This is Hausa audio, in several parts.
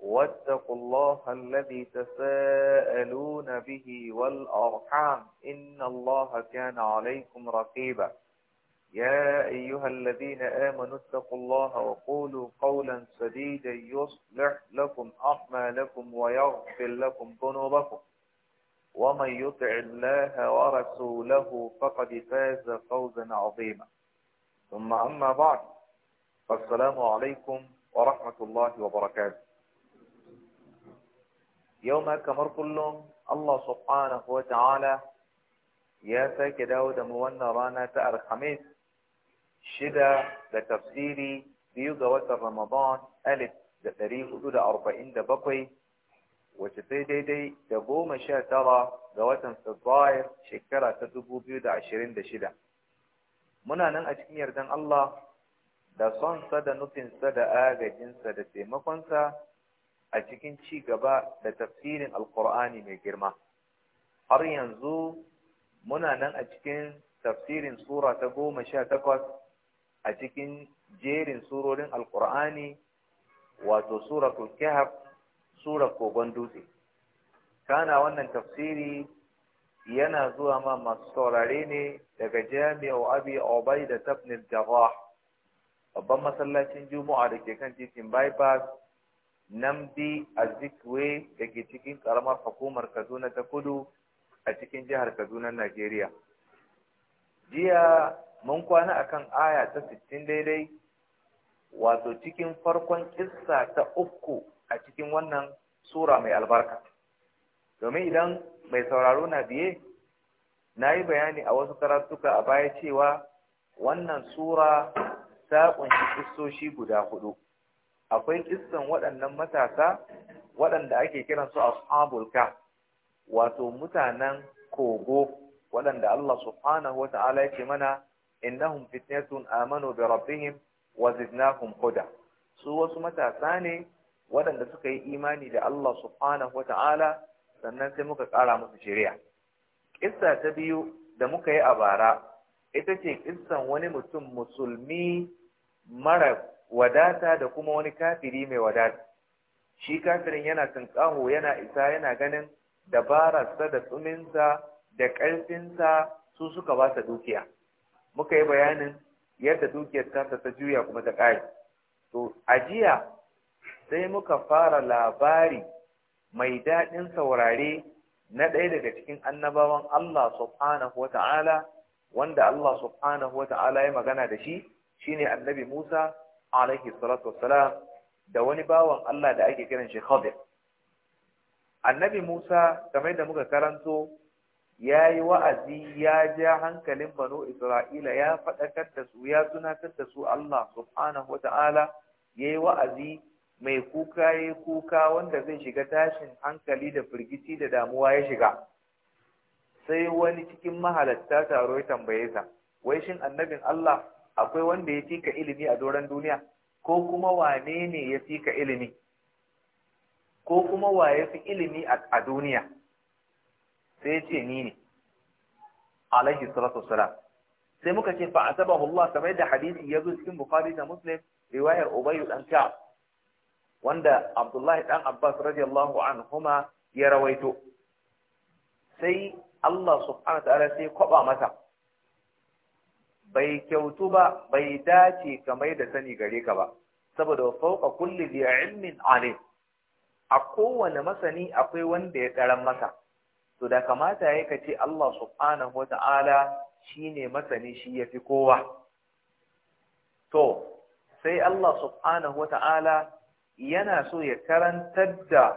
واتقوا الله الذي تساءلون به والأرحام إن الله كان عليكم رقيبا يا أيها الذين آمنوا اتقوا الله وقولوا قولا سديدا يصلح لكم لكم ويغفر لكم ذنوبكم ومن يطع الله ورسوله فقد فاز فوزا عظيما ثم أما بعد فالسلام عليكم ورحمة الله وبركاته yau ma kamar kullum Allah subhanahu wa ta'ala ya sake dawo da mu wannan rana ta alhamis shida da tafsiri biyu ga watan ramadan alif da ɗari hudu da arba'in da bakwai wacce sai daidai da goma sha tara ga watan Fabrair shekara ta dubu biyu da ashirin da shida. Muna nan a cikin yardan Allah da sonsa da nufinsa da agajinsa da taimakonsa a cikin ci gaba da tafsirin alkur'ani mai girma har yanzu muna nan a cikin tafsirin sura ta goma sha takwas a cikin jerin surorin alkur'ani wato sura kahf sura kogon dutse kana wannan tafsiri yana zuwa ma masu saurare ne daga jami'a abi obai da tafnil jarrah babban masallacin juma'a da ke kan titin bypass namdi azikwe da ke cikin karamar hukumar kaduna ta kudu a cikin jihar kaduna najeriya jiya mun kwana akan aya ta sittin daidai wato cikin farkon kissa ta uku a cikin wannan sura mai albarka domin idan mai sauraro na biye na yi bayani a wasu karatuka a baya cewa wannan sura ta ƙunshi kissoshi guda hudu akwai kistan waɗannan matasa waɗanda ake kiransu ashabul kaf wato mutanen kogo waɗanda Allah subhanahu wata'ala yake mana innahum fitnatun amanu da rabbihim wa zidnahum huda su wasu matasa ne waɗanda suka yi imani da Allah subhanahu sannan sai muka ƙara musu shari'a Ƙisa ta biyu da muka yi a bara ita ce ƙisan wani mutum musulmi mara wadata da kuma wani kafiri mai wadata shi kafirin yana tunƙaho yana isa yana ganin dabararsa da tsuminsa da ƙarfinsa su suka ba ta dukiya muka yi bayanin yadda dukiyar ta ta juya kuma ta ƙari to a jiya, sai muka fara labari mai daɗin saurare na ɗaya daga cikin annabawan Allah subhanahu wata'ala wanda Allah subhanahu wata'ala ya magana da shi shine annabi Musa alaihi salatu wassalam da wani bawan Allah da ake kiran shi Khadir annabi Musa kamar da muka karanto yayi wa'azi ya ja hankalin banu Isra'ila ya faɗakar da su ya tunatar da su Allah subhanahu wata'ala yayi wa'azi mai kuka yayi kuka wanda zai shiga tashin hankali da firgici da damuwa ya shiga sai wani cikin mahalatta taro ya tambaye sa wai shin annabin Allah akwai wanda ya fika ilimi a doron duniya ko kuma wane ne ya fika ilimi ko kuma wa ya fi ilimi a duniya sai ya ce ni ne alaihi salatu wassalam sai muka ce fa asabahu Allah kamar da hadisi ya zo cikin Bukhari da Muslim riwayar Ubay dan Ka'ab wanda Abdullahi dan Abbas radiyallahu anhuma ya rawaito sai Allah subhanahu wa ta'ala sai kwaba masa bai kyautu ba bai dace ka da sani gare ka ba saboda fauka kulli bi ilmin alim a kowane masani akwai wanda ya karan masa to da kamata yake ka ce Allah subhanahu wata'ala shine masani shi yafi kowa to sai Allah subhanahu wata'ala yana so ya karantar da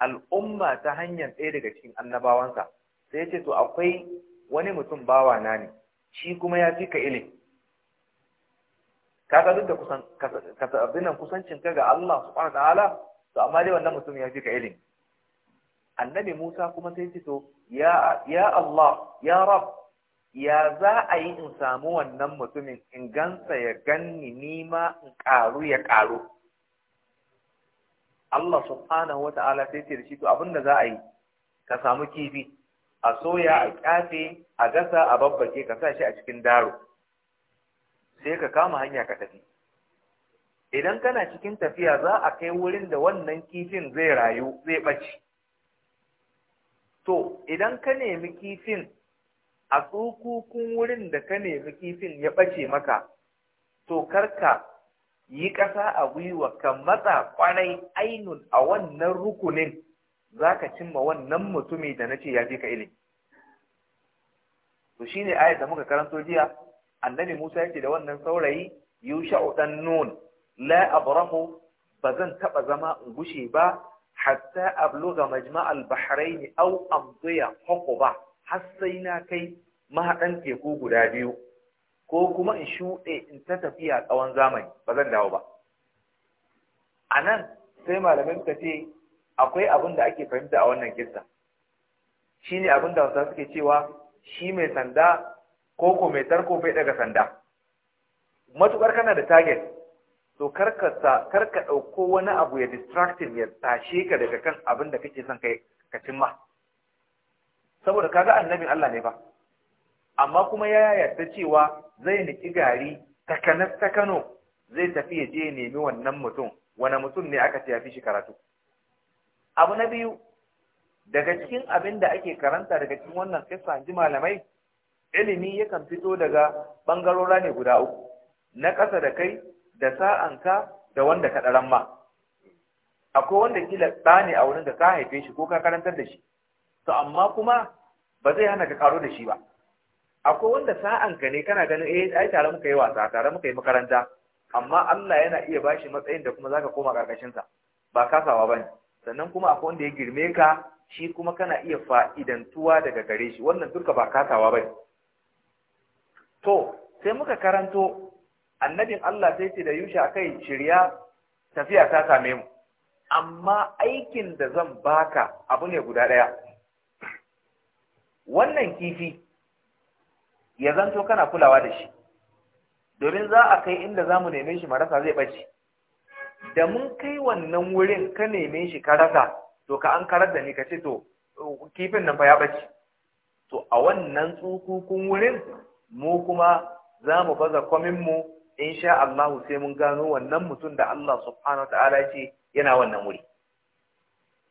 al'umma ta hanyar ɗaya daga cikin annabawansa sai ya ce to akwai wani mutum bawa na ne shi kuma ya fi ka ilimi kaga duk da kusan kusancin ka ga Allah subhanahu ta'ala to amma dai wannan mutum ya fi ka ilin. annabi Musa kuma sai fito ya ya Allah ya Rab, ya za a yi in samu wannan mutumin in gansa ya ganni nima in ƙaru ya karu Allah subhanahu ta'ala) sai ce da shi to abinda za a yi ka samu kifi a soya a kyafe a gasa a babbake ka sa shi a cikin daro sai ka kama hanya ka tafi idan kana cikin tafiya za a kai wurin da wannan kifin zai rayu zai ɓace to idan ka nemi kifin a tsokokin wurin da ka nemi kifin ya ɓace maka to karka yi ƙasa a gwiwa ka matsa ƙwarai ainun a wannan rukunin za ka cimma wannan mutumi da na ce ya fi ka ilimi to shine ayat da muka karanto jiya annabi Musa yake da wannan saurayi yusha'u dan nun la abrahu zan taɓa zama in gushe ba hatta abluga majma'al bahrain aw amdiya hukuba, har sai na kai mahaɗan teku guda biyu ko kuma in shuɗe in ta tafiya tsawon zamani ba zan dawo ba anan sai malamin ka ce akwai abin da ake fahimta a wannan kissa ne abin da wasu suke cewa shi mai sanda ko ko mai tarko bai daga sanda matukar kana da target to karkasa karka dauko wani abu ya distracting ya tashe ka daga kan abin da kake son kai ka cimma saboda kaga annabin Allah ne fa amma kuma ya yarda cewa zai niki gari takanas Kano, zai tafi ya je nemi wannan mutum wani mutum ne aka ce ya fi shi karatu abu na biyu daga cikin abin da ake karanta daga cikin wannan kissa ji malamai ilimi yakan fito daga bangarora ne guda uku na ƙasa da kai da sa'anka da wanda ka ɗaran ma akwai wanda kila ɗa ne a wurin da ka haife shi ko ka karantar da shi to amma kuma ba zai hana ka karo da shi ba akwai wanda sa'anka ne kana ganin eh ai tare muka yi wasa tare muka yi makaranta amma Allah yana iya bashi matsayin da kuma zaka koma karkashin sa ba kasawa bane sannan kuma akwai wanda ya girme ka shi kuma kana iya fa'idantuwa daga gare shi wannan duka ba katawa ba to sai muka karanto annabin Allah sai ce da yusha kai shirya tafiya ta same mu amma aikin da zan baka abu ne guda ɗaya wannan kifi ya zanto kana kulawa da shi domin za a kai inda za mu neme shi marasa zai ɓace da mun kai wannan wurin ka neme shi ka rasa to ka an karar da ni ka ce to kifin nan fa ya bace to a wannan tsukukun wurin mu kuma za mu baza kwamin mu in sha Allah sai mun gano wannan mutum da Allah subhanahu ta'ala ce yana wannan wuri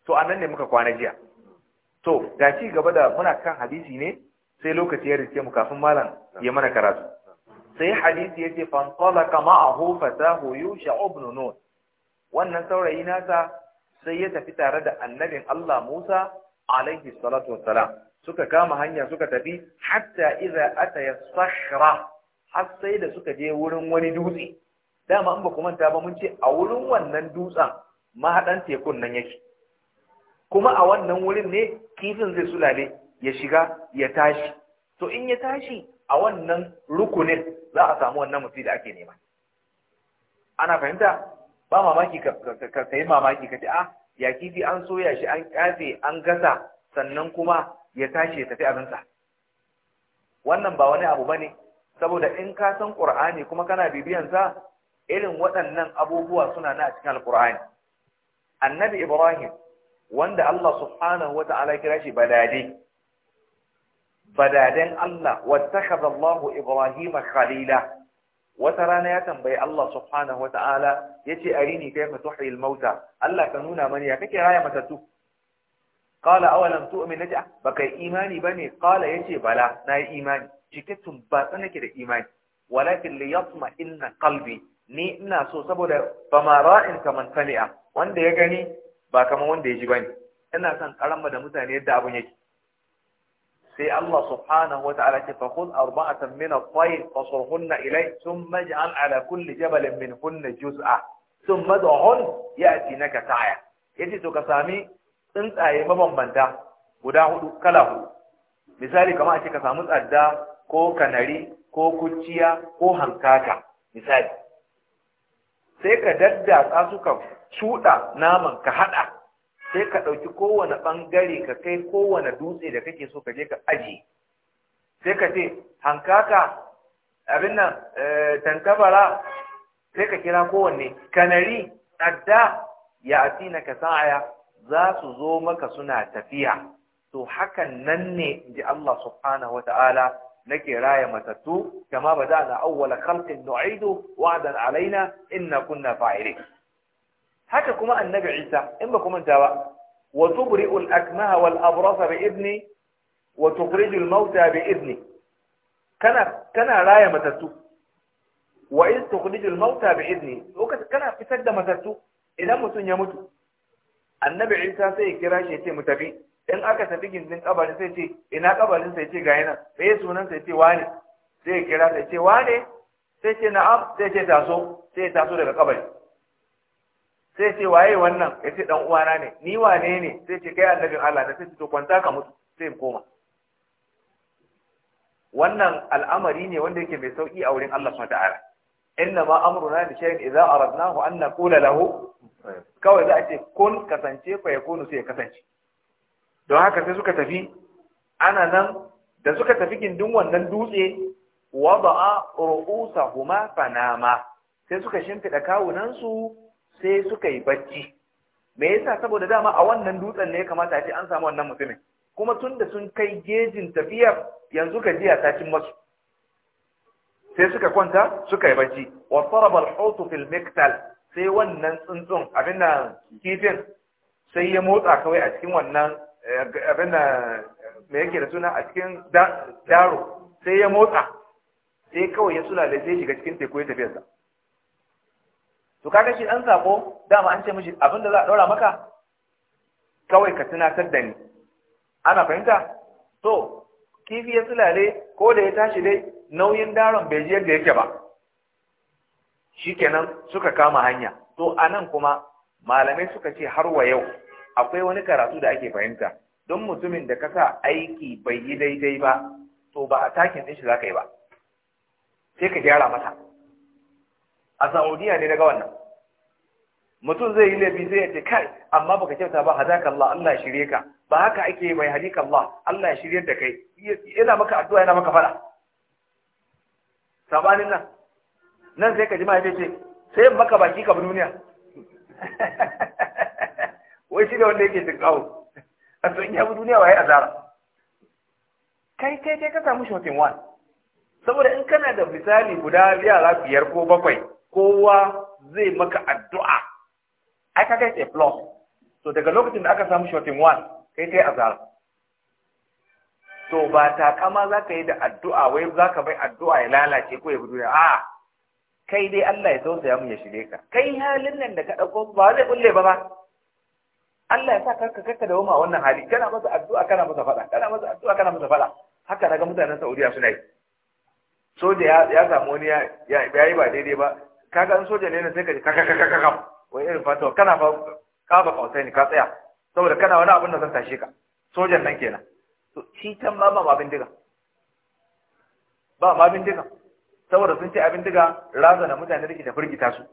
to anan ne muka kwana jiya to ga ci gaba da muna kan hadisi ne sai lokaci ya rike mu kafin malam ya mana karatu sai hadisi yace fan talaqa ma'ahu fatahu yusha ibn nun wannan saurayi nasa sai ya tafi tare da annabin Allah Musa alaihi salatu wassalam suka kama hanya suka tafi hatta idza ata yasakhra har sai da suka je wurin wani dutse dama in ba ku manta ba mun ce a wurin wannan dutsen mahaɗan tekun nan yake kuma a wannan wurin ne kifin zai sulale ya shiga ya tashi to in ya tashi a wannan rukunin za a samu wannan mutu da ake nema ana fahimta ba mamaki ka sayi mamaki ka ce a ah, ya kifi an soya shi an kafe an gasa sannan kuma ya tashi ya tafi abinsa wannan ba wani abu bane saboda in ka san qur'ani kuma kana bibiyan sa irin waɗannan abubuwa suna na a cikin alqur'ani annabi ibrahim wanda Allah subhanahu wata'ala kira shi badade badaden Allah wattakhadha allah ibrahima khalila wata rana ya tambayi Allah subhanahu wata'ala yace arini kayfa tuhyil ilmauta. Allah ka nuna mani ya kake raya matattu qala awalam tu'min naja ah, yi imani bane ya yace bala na yi imani cikakken ba tsanake da imani walakin li yatma inna kalbi. ni ina so saboda bamara ra'in kaman sami'a wanda ya gani ba kaman wanda ya ji bane ina son karamba da mutane yadda abun yake sai Allah subhanahu wa ta'ala ce fakhudh arba'atan min at-tayr fasurhunna ilay thumma ij'al ala kulli jabalin minhunna juz'a thumma da'hun ya'tinaka ta'ya yace to ka sami tsuntsaye mabanbanta guda hudu kala hudu misali kamar a ka samu tsadda ko kanari ko kuciya ko hankaka sai ka daddasa suka shuɗa naman ka haɗa sai ka ɗauki kowane ɓangare ka kai kowane dutse da kake so ka je ka aji sai ka ce hankaka abin nan eh, tankabara sai ka kira kowanne kanari adda ya na ka sa'aya za su zo maka suna tafiya to hakan nan ne ji Allah subhanahu wa ta'ala nake raya matattu kama ba na awwala khalqin nu'idu wa'dan alaina inna kunna fa'ilin haka kuma annabi Isa in ba kuma ba wa tubri'ul akmaha wal abrasa bi idni wa tukhrijul mauta bi idni kana kana raya matattu wa in tukhrijul mauta bi idni kana fitar da matattu idan mutum ya mutu annabi Isa sai ya kira shi ya ce mu tafi in aka tafi gindin kabarin sai ce ina kabarin sai ce ga yana sai sunan sai ce wane sai ya kira sai ce wane sai ce na'am sai ce taso sai ya taso daga kabarin. sai ce waye wannan ya ce dan uwana ne ni wane ne sai ce kai annabin Allah da sai ce to kwanta ka mutu sai koma wannan al'amari ne wanda yake mai sauki a wurin Allah subhanahu wataala inna ma amruna li shay'in idza aradnahu an naqula lahu kawai za a ce kun kasance fa yakunu sai ya kasance don haka sai suka tafi ana nan da suka tafi gindin wannan dutse wada'a ru'usahuma fanama sai suka shimfida kawunan su. sai suka yi bacci me yasa saboda dama a wannan dutsen ne ya kamata a ce an samu wannan mutumin kuma tun da sun kai gejin tafiyar yanzu ka jiya ta cin masu sai suka kwanta suka yi bacci wa sarabal hutu fil miktal sai wannan tsuntsun abin na kifin sai ya motsa kawai a cikin wannan eh, abin na me yake da suna a cikin daro sai ya motsa sai kawai ya sulale sai shiga cikin teku ya tafiyarsa to kaga shi dan sako dama an ce mishi abin da za a daura maka kawai ka tunatar da ni ana fahimta to kifi ya tsulale ko da ya tashi dai nauyin daron bai ji yadda yake ba shikenan suka kama hanya to anan kuma malamai suka ce har wa yau akwai wani karatu da ake fahimta don mutumin da kasa aiki bai yi daidai ba to ba a takin ɗin shi za ka yi ba sai ka gyara masa a saudiya ne daga wannan mutum zai yi laifi zai ce kai amma baka kyauta ba hadaka Allah Allah shirye ka ba haka ake yi mai hadika Allah Allah shirye da kai yana maka addu'a yana maka fada sabanin nan nan sai ka ji mai ce sai maka baki ka duniya wai shi ne wanda yake kawo a to in ya bi duniya waye azara kai kai kai ka samu shotin one saboda in kana da misali guda yara biyar ko bakwai kowa zai maka addu'a ai ka kai plus to daga lokacin da aka samu shooting one kai kai azara to ba ta kama za ka yi da addu'a wai za ka bai addu'a ya lalace ko ya bi duniya a kai dai Allah ya tausaya mu ya shirye ka kai halin nan da ka ɗauko ba zai kulle ba ba Allah ya sa karka karka da wama wannan hali kana masa addu'a kana masa faɗa kana masa addu'a kana masa faɗa haka daga mutanen Saudiya suna yi soja ya samu wani ya yi ba daidai ba kaga in soja ne sai ka ji kaka kaka kaka wai irin fatawa kana fa ka ba kausai ne ka tsaya saboda kana wani abin da zan tashe ka sojan nan kenan to shi can ma ba ma diga ba ma bindiga saboda sun ce abin diga razana mutane da ke ta firgita su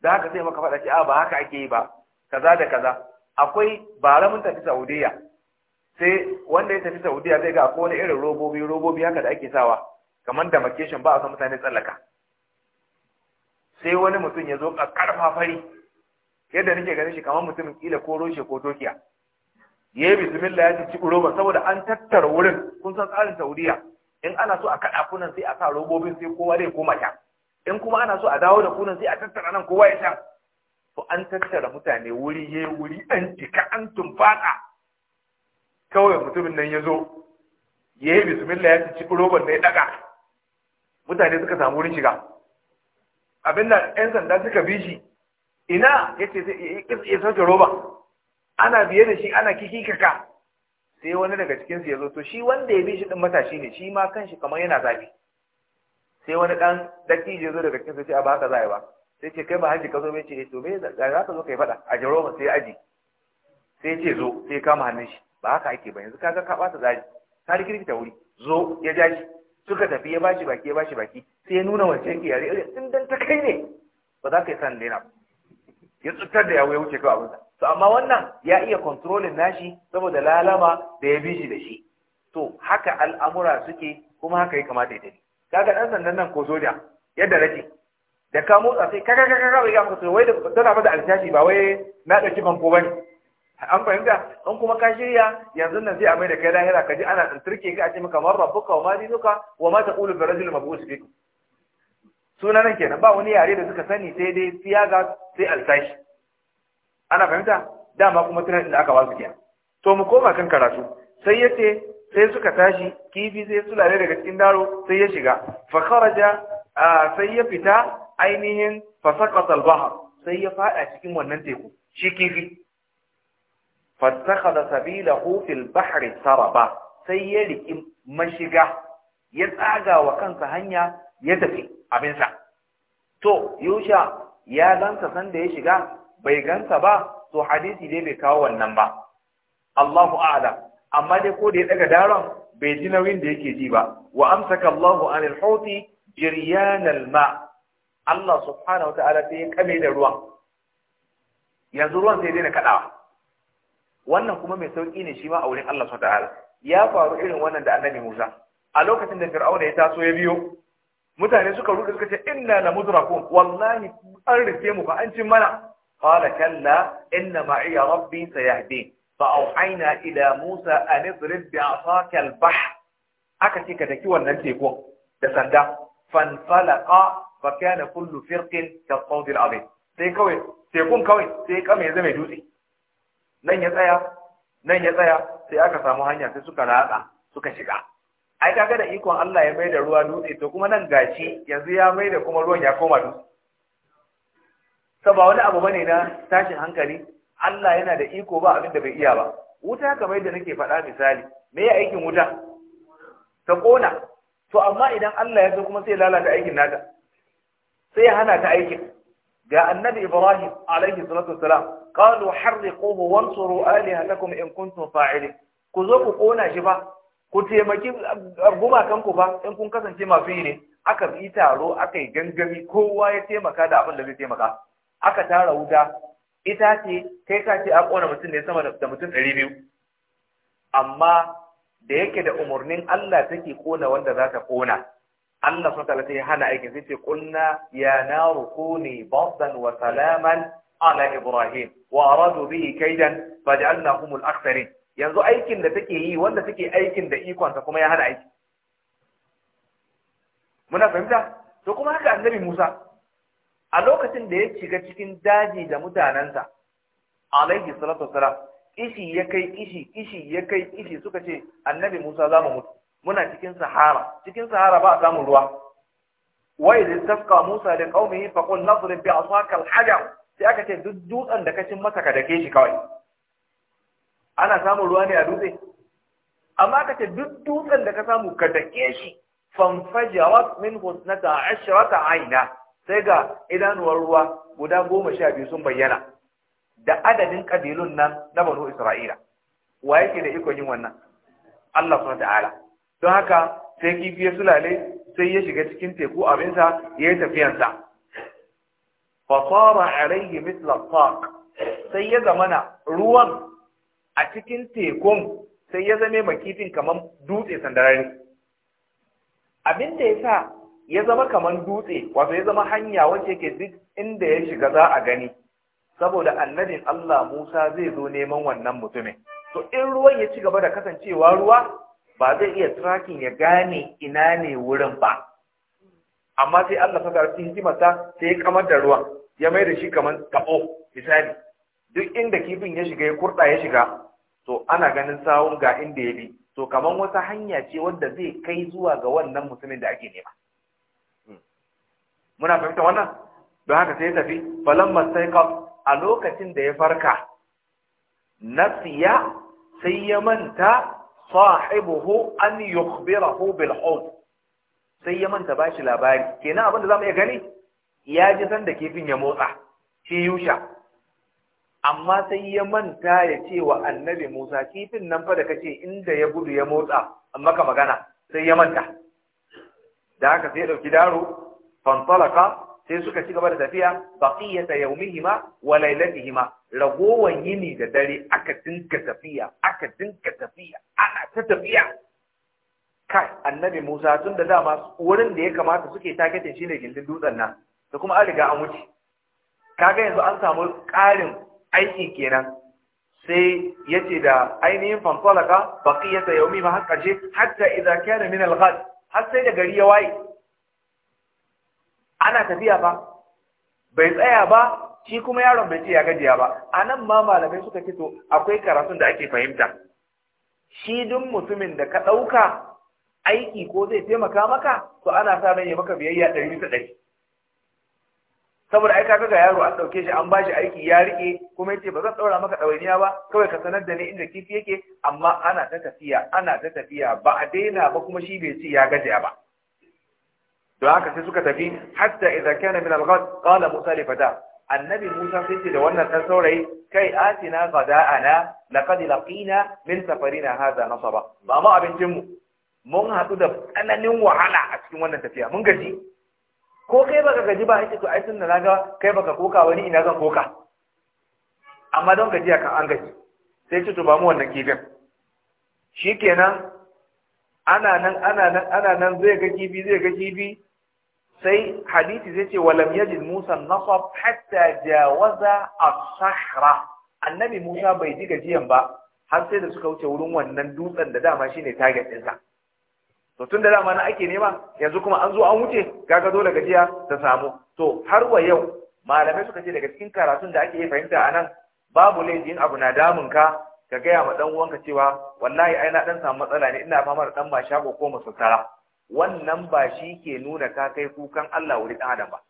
da haka sai maka faɗa ce a ba haka ake yi ba kaza da kaza akwai bara mun tafi saudiya sai wanda ya tafi saudiya zai ga akwai wani irin robobi robobi haka da ake sawa kamar da makeshin ba a san mutane tsallaka sai wani mutum ya zo ƙarfa fari yadda nake ganin shi kamar mutumin kila ko roshe ko tokiya ya yi bismillah ya ci roba saboda an tattara wurin kun san tsarin saudiya in ana so a kaɗa kunan sai a sa robobin sai kowa zai koma can in kuma ana so a dawo da kunan sai a tattara nan kowa ya sha to an tattara mutane wuri ya wuri an cika an tumfaka kawai mutumin nan ya zo ya yi bismillah ya ci roban na ya ɗaga mutane suka samu wurin shiga abin da 'yan sanda suka bi shi ina ya ce ya sauke roba ana biye da shi ana kiki kaka sai wani daga cikinsu ya zo to shi wanda ya bi shi ɗin matashi ne shi ma kanshi kamar yana zafi sai wani ɗan daki ya zo daga cikinsu ce a ba haka za a yi ba sai ce kai ba haji ka zo mai ce eh, to me za ka zo ka yi faɗa a roba sai aji sai ce zo sai kama hannun shi ba haka ake ba yanzu ka ga ka ɓata zaji ta rikirkita wuri zo ya ja shi suka tafi ya bashi baki ya bashi baki sai ya nuna wancan yare irin in dan ta kai ne ba za ka yi san daina ya tsuttar da yawo ya wuce kawai abinsa to amma wannan ya iya kontrolin nashi saboda lalama da ya bi shi da shi to haka al'amura suke kuma haka ya kamata ya tafi kaga ɗan sandan nan ko soja yadda nake da ka motsa sai kaga kaga kaga ya mutu wai da tana ba da alshashi ba wai na dauki banko ne. an fahimta in kuma ka shirya yanzu nan zai amai da kai lahira ka ji ana tsantirke ka a ce maka marra buka wa ma dinuka wa ma taqulu bi rajulin mab'us suna nan kenan ba wani yare da suka sani sai dai siyaga sai alsashi ana fahimta dama kuma tunan inda aka wasu to mu koma kan karatu sai yace sai suka tashi kifi sai su lare daga cikin daro sai ya shiga fa kharaja sai ya fita ainihin fa saqata al sai ya fada cikin wannan teku shi kifi fattakhala sabila hufil bahari saraba sai ya riki mashiga ya tsaga wa kansa hanya ya tafi abinsa to yusha ya gansa sanda ya shiga bai gansa ba to hadisi dai bai kawo wannan ba Allahu a'lam amma dai ko da ya daga daron bai ji nauyin da yake ji ba wa amsaka Allahu anil hauti jiryanal ma Allah subhanahu wataala sai ya kame da ruwan yanzu ruwan sai daina kadawa wannan kuma mai sauki ne shi ma a wurin Allah subhanahu ya faru irin wannan da annabi Musa a lokacin da Fir'auna ya taso ya biyo mutane suka rudu suka ce inna la mudrakun wallahi an rufe mu fa an cin mana qala kalla inna ma'iya rabbi sayahdi fa auhayna ila Musa an idrib bi 'asaka al-bahr aka ce ka daki wannan tekun da sanda fanfala fa kana kullu firqin ka al-azim sai kawai tekun kawai sai kame zai mai dutse nan ya tsaya nan ya tsaya sai aka samu hanya sai suka ratsa suka shiga ai kaga da ikon Allah ya mai da ruwa dutse to kuma nan gashi yanzu ya mai da kuma ruwan ya koma dutse to wani abu bane na tashin hankali Allah yana da iko ba abin da bai iya ba wuta kamar yadda nake faɗa misali me ya aikin wuta ta kona to amma idan Allah ya zo kuma sai lalata aikin nata sai ya hana ta aikin ga annabi Ibrahim alaihi salatu wassalam qalu harriquhu wansuru kuma in kuntum fa'ilin ku zo ku kona shi ba ku taimaki gumakan ku ba in kun kasance masu yi ne aka yi taro aka yi gangami kowa ya taimaka da abin da zai taimaka aka tara wuta ita ce kai ka ce a kona mutum ne sama da mutum ɗari biyu amma da yake da umarnin Allah take kona wanda za ta kona Allah subhanahu wa hana aikin sai ce kunna ya naru kuni bardan wa salaman ala Ibrahim wa aradu bihi kaidan faj'alnahum al-aktharin yanzu aikin da take yi wanda take aikin da ikon kuma ya hana aiki muna fahimta to kuma haka annabi Musa a lokacin da ya shiga cikin daji da mutanansa alaihi salatu wassalam ishi ya kai ishi ishi ya kai ishi suka ce annabi Musa za mu mutu muna cikin sahara cikin sahara ba a samun ruwa wa idh tafqa Musa li qaumihi faqul nadrib bi asaka al-hajar sai aka ce duk dutsen da ka cin masa ka dake shi kawai ana samun ruwa ne a dutse amma aka ce duk dutsen da ka samu ka dake shi fanfajawat min husnata ashrata aina sai ga idanuwar ruwa guda goma sha biyu sun bayyana da adadin kabilun nan na banu isra'ila wa yake da ikon yin wannan Allah subhanahu ta'ala don haka sai kifi ya sulale sai ya shiga cikin teku abinsa ya yi tafiyansa fasara alayhi mithla taq sai ya zamana ruwan a cikin tekun sai ya zame makifin kamar dutse sandarari abin da ya ya zama kamar dutse wato ya zama hanya wacce ke duk inda ya shiga za a gani saboda annabin Allah Musa zai zo neman wannan mutumin to in ruwan ya ci gaba da kasancewa ruwa ba zai iya tracking ya gane ina ne wurin ba amma sai Allah saka cikin hikimarsa sai ya kamar da ruwa. ya mai da shi kamar taɓo. misali duk inda kifin ya shiga ya kurɗa ya shiga to ana ganin sawun ga inda ya bi to kamar wata hanya ce wadda zai kai zuwa ga wannan mutumin da ake nema hmm. muna fahimta wannan don haka sai ya tafi masai mastaikaf a lokacin da ya farka nasiya sai ya manta sahibuhu an yukhbirahu bil hud sai ya manta bashi labari kenan abin da zamu iya gani ya ji san da kifin ya motsa shi yusha amma sai ya manta ya ce wa annabi Musa kifin nan fa da kace inda ya gudu ya motsa amma ka magana sai ya manta da haka sai ya dauki daro fantalaka sai suka ci gaba da tafiya baqiyata yawmihima wa laylatihima ragowan yini da dare aka dinka tafiya aka dinka tafiya ana ta tafiya kai annabi Musa tun da dama wurin da ya kamata suke taketin shine gindin dutsen nan da kuma an riga an wuce kaga yanzu an samu ƙarin aiki kenan sai yace da ainihin fanfalaka baqiyata yawmi ma har karshe hatta idza kana min al har sai da gari ya waye ana tafiya ba bai tsaya ba shi kuma yaron bai ce ya gajiya ba a nan ma malamai suka ce to akwai karatun da ake fahimta shi duk mutumin da ka ɗauka aiki ko zai taimaka maka to ana sa ran ya maka biyayya ɗari bisa ɗari saboda aika ka ga yaro an ɗauke shi an bashi aiki ya rike kuma ya ce ba zan ɗaura maka ɗawainiya ba kawai ka sanar da ni inda kifi yake amma ana ta tafiya ana ta tafiya ba a daina ba kuma shi bai ci ya gajiya ba don haka sai suka tafi hatta idza kana min al-ghad qala musa li fada annabi musa sai ce da wannan ɗan saurayi kai atina qada'ana laqad laqina min safarina hadha nasaba ba ma abincin mu mun haɗu da tsananin wahala a cikin wannan tafiya mun gaji ko kai baka gaji ba ita to ai tun da naga kai baka koka wani ina zan koka amma don gajiya kan an gaji sai ce to ba mu wannan kifin shikenan ana nan ana nan ana nan zai ga kifi zai ga kifi sai hadisi zai ce walam yajid Musa nasab hatta jawaza as-sahra annabi Musa bai ji gajiyan ba har sai da suka wuce wurin wannan dutsen da dama shine target ɗinsa to tun da dama na ake nema yanzu kuma an zo an wuce kaga dole gajiya ta samu to har wa yau malamai suka ce daga cikin karatun da ake fahimta a nan babu laifin abu na damun ka ka gaya ma dan uwanka cewa wallahi ai na dan samu matsala ne ina fama da dan ba shago ko masassara wannan ba shi ke nuna ka kai kukan Allah wuri dan ba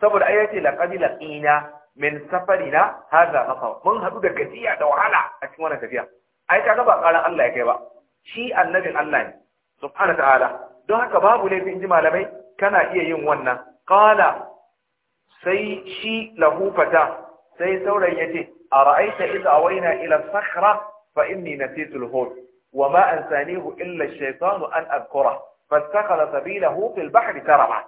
saboda ai yace laqad laqina min safarina hadha mafa mun hadu da gajiya da wahala a cikin wannan tafiya ai kaga ba karan Allah ya kai ba shi annabin Allah ne subhanahu ta'ala don haka babu laifi ji malamai kana iya yin wannan qala sai shi lahu fata sai saurayin yace ara'aita idh waina ila sakhra fa inni nasitu al-hud wa ma ansanihu illa ash-shaytanu an adhkura fastakhara sabilahu fil bahri taraba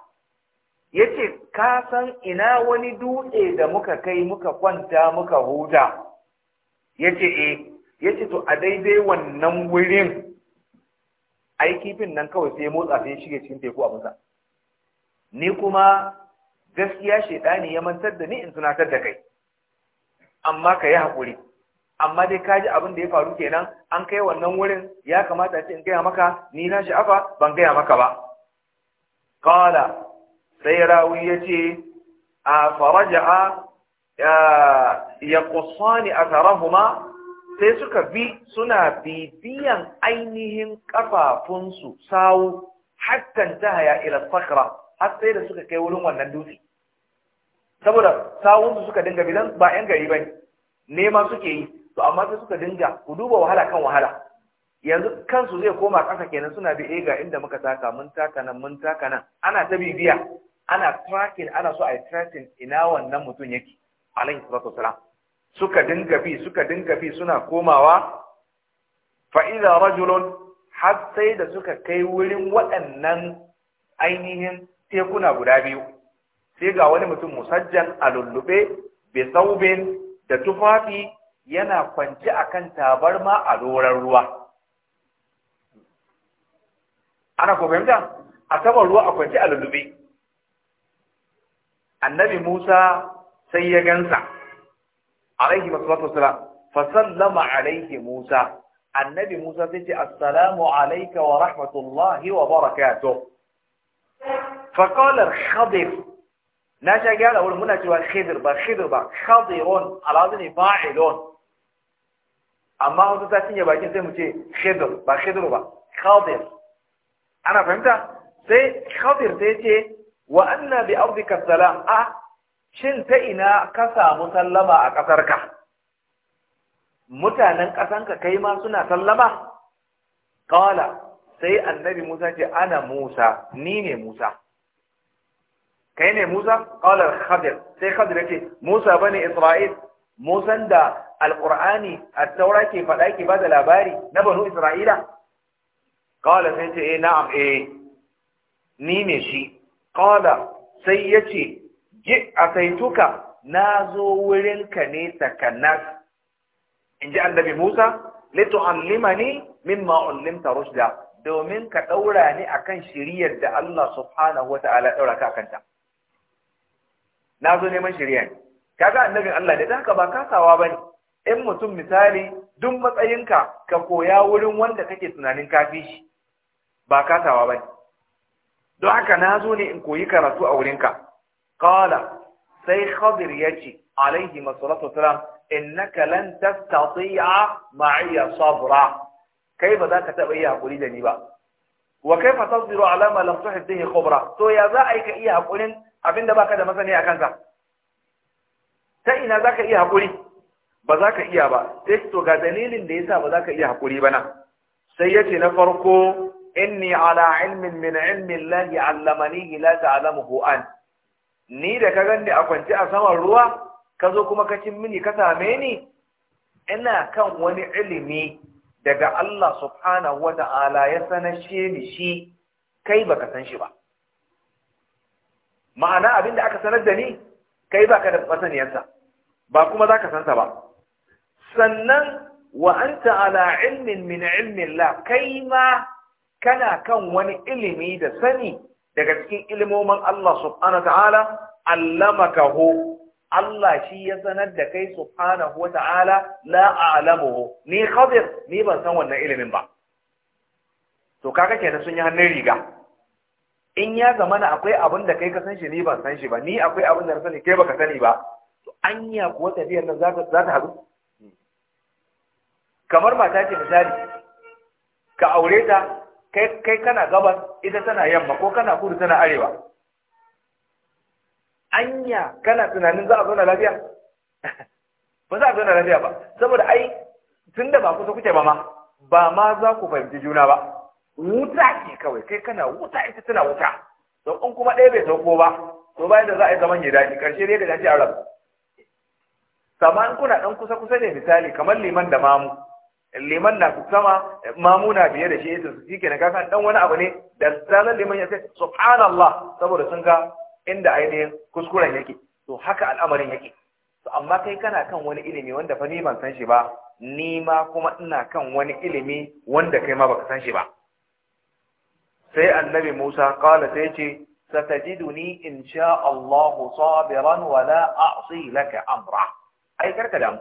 yace ka san ina wani dutse da muka kai muka kwanta muka huta yace eh yace to a daidai wannan wurin ai kifin nan kawai sai motsa sai shige cikin teku a musa. ni kuma gaskiya shedani ya mantar da ni in tunatar da kai amma ka yi haƙuri amma dai kaji abin da ya faru kenan an kai wannan wurin ya kamata ce in gaya maka ni na sha'afa ban gaya maka ba kala sai rawi ya ce a faraja ya kusani a sai suka bi suna bibiyan ainihin kafafunsu sawu hatta ta haya ila sakra har sai da suka kai wurin wannan dutse saboda sawunsu suka dinga gidan ba yan gari bane nema suke yi to amma sai suka dinga ku duba wahala kan wahala yanzu kansu zai koma ƙasa kenan suna bi eh ga inda muka taka mun taka nan mun taka nan ana ta bibiya ana tracking ana so a yi tracking ina wannan mutum yake alayhi salatu wasalam suka dinga bi suka dinga bi suna komawa fa'iza rajulun har sai da suka kai wurin waɗannan ainihin tekuna guda biyu sai ga wani mutum musajjan a lullube besaubin da tufafi yana kwanci akan tabarma a doron ruwa ana ko fahimta a saman ruwa a kwanci a lullube annabi musa sai ya gansa alaihi wasallatu wassalam fa alaihi Musa annabi Musa sai ce assalamu alayka wa rahmatullahi wa barakatuh Fakalar khadir na sha gyara wurin muna cewa khidir ba khadir ba khadirun alazni fa'ilun amma wasu ta cinye bakin sai mu ce khidir ba khidir ba khadir ana fahimta sai khadir sai ce wa anna bi ardika salam ah shin ta ina ka samu sallama a ƙasarka mutanen ƙasanka kai ma suna sallama ƙala sai annabi musa ce ana musa ni ne musa kai ne musa ƙalar hajjar sai hajjar ya ce musa bane isra'il musan da alƙur'ani a taura ke faɗa ke ba da labari na banu isra'ila ƙawala sai ce eh na'am eh ni ne shi ƙala sai ya ce ji a saituka na zo wurinka ne sakannas in ji annabi musa lito allimani mimma ullimta rushda domin ka ɗaura ni akan shiriyar da Allah subhanahu wa ta'ala ɗaura ka kanta na zo neman shiriya ne kaga annabi Allah ne haka ba kasawa bane in mutum misali duk matsayinka ka koya wurin wanda kake tunanin fi shi ba kasawa bane don haka na zo ne in koyi karatu a wurinka qala sai Kabir yace alaihi masallatu wasalam innaka lan tastati'a ma'iya sabra kai ba za ka taba iya hakuri da ni ba wa kaifa tasbiru ala ma lam tuhit bihi khubra to ya za a ka iya hakurin abinda baka da masani akan ka ta ina za ka iya hakuri ba za ka iya ba sai to dalilin da ya sa ba za ka iya hakuri ba nan sai yace na farko inni ala ilmin min ilmi allahi allamani la ta'lamuhu an ni da ka ganni a kwance a saman ruwa ka zo kuma ka cin mini ka same ni ina kan wani ilimi daga Allah subhanahu wa ta'ala ya sanashe ni shi kai baka san shi ba ma'ana abin da aka sanar da ni kai baka da masaniyarsa ba kuma zaka san sa ba sannan wa anta ala ilmin min ilmin la kai ma kana kan wani ilimi da sani daga cikin ilmomin Allah subhanahu ta'ala allamaka hu Allah shi ya sanar da kai subhanahu wa ta'ala la a'lamuhu ni khadir ni ban san wannan ilimin ba to kaga kenan sun yi hannun riga in ya zamana akwai abin da kai ka san shi ni ban san shi ba ni akwai abin da na sani kai baka sani ba to anya kuwa tafiyar nan za ta haɗu kamar mata ce misali ka aure ta kai kana gabas ita tana yamma ko kana kudu tana arewa anya kana tunanin za a na lafiya ba za a na lafiya ba saboda ai tun da ba kusa kuke ba ma ba ma za ku fahimci juna ba wuta ke kawai kai kana wuta ita tana wuta don in kuma ɗaya bai sauko ba to bayan da za a yi zaman ya daɗi ƙarshe dai da dace a rabu saman kuna ɗan kusa kusa ne misali kamar liman da mamu liman na sama mamu na biye da shi idan su shi kenan kakan dan wani abu ne da zanen liman ya ce subhanallah saboda sun ga inda ainihin kuskuren yake to haka al'amarin yake to amma kai kana kan wani ilimi wanda fa ni ban san shi ba ni ma kuma ina kan wani ilimi wanda kai ma baka san shi ba sai annabi Musa kala sai ce satajiduni insha Allah sabiran wala a'si laka amra ai karka damu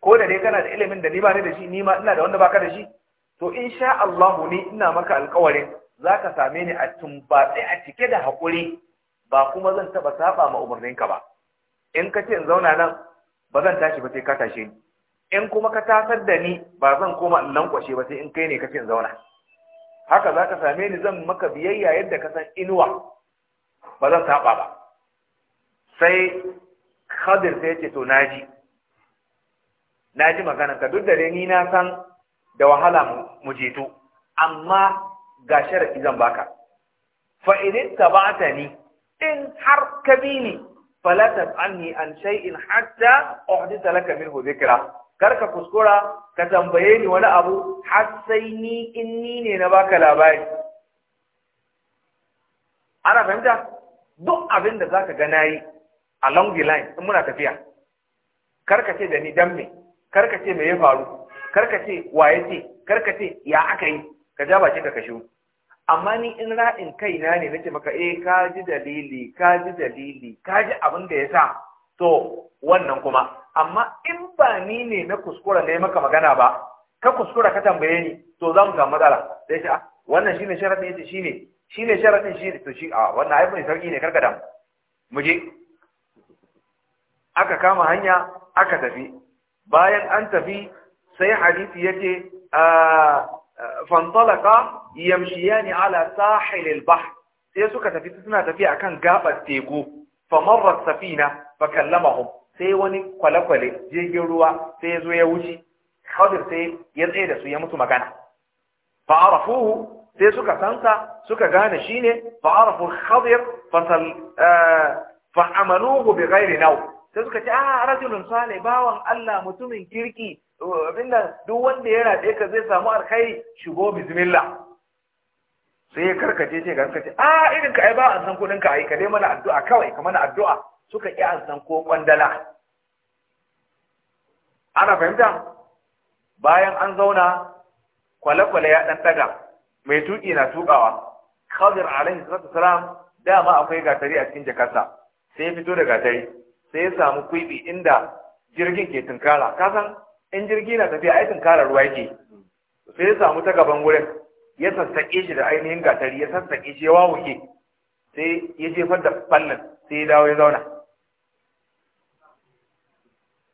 ko da dai kana da ilimin da ni ba ni da shi ni ma ina da wanda baka da shi to insha Allah ni ina maka alƙawarin zaka same ni a tumbatse a cike da hakuri ba kuma zan taba saba ma ka ba in ka ce in zauna nan ba zan tashi ba sai ka tashe ni in kuma ka tasar da ni ba zan koma in lankwashe ba sai in kai ne ka ce in zauna haka zaka same ni zan maka biyayya yadda ka san inuwa ba zan saba ba sai khadir sai ya ce to naji na ji maganan ka duk da ni na san da wahala mu je jeto amma ga sharadi zan baka fa ta ni, in har ka bi ni fala anni an shay'in hatta talaka laka minhu dhikra kar ka kuskura ka tambaye ni wani abu har sai ni in ni ne na baka labari ana fahimta duk abin da zaka ga nayi a long line in muna tafiya kar ka ce da ni dan me karka ce me ya faru karka ce wa ya ce karka ce ya aka yi ka ja baki ka kashe amma ni in ra'in kaina ne nake maka eh ka ji dalili ka ji dalili ka ji abin da ya sa to wannan kuma amma in ba ni ne na kuskura ne maka magana ba ka kuskura ka tambaye ni to za mu samu matsala sai ce ah, wannan shine sharadin yace shine shine sharadin shine to shi a ah, wannan ai bai sarki ne karka damu mu je aka kama hanya aka tafi bayan an tafi sai hadisi yace fantalaka yamshiyani ala sahilil bah sai suka tafi suna tafi akan gabar teku famarrat safina fakallamahum sai wani kwale-kwale jirgin ruwa sai ya zo ya wuce Khadir sai ya tsaye da su ya mutu magana fa'arafuhu sai suka sansa suka gane shine fa'arafu Khadir fasal fa'amaluhu bi ghairi nau sai suka ce a ah, rajulun sale bawan Allah mutumin kirki abinda duk wanda ya raɗe ka zai samu alkhairi shigo bismillah sai ya karkace ce a ah, irin ka ai ba an san kudin ka ai ka dai mana addu'a kawai ka mana addu'a suka ki an san ko kwandala ana fahimta bayan an zauna kwale-kwale ya dan daga mai tuki na tukawa khadir alaihi salatu salam dama akwai gatari a cikin jakarta sai ya fito da gatari sai ya samu kwibi inda jirgin ke tunkara kasan in jirgi na tafiya ai tunkara ruwa yake sai ya samu ta gaban wurin ya sassaƙe shi da ainihin gatari ya sassaƙe shi ya wawuke sai ya jefar da fallon sai ya dawo ya zauna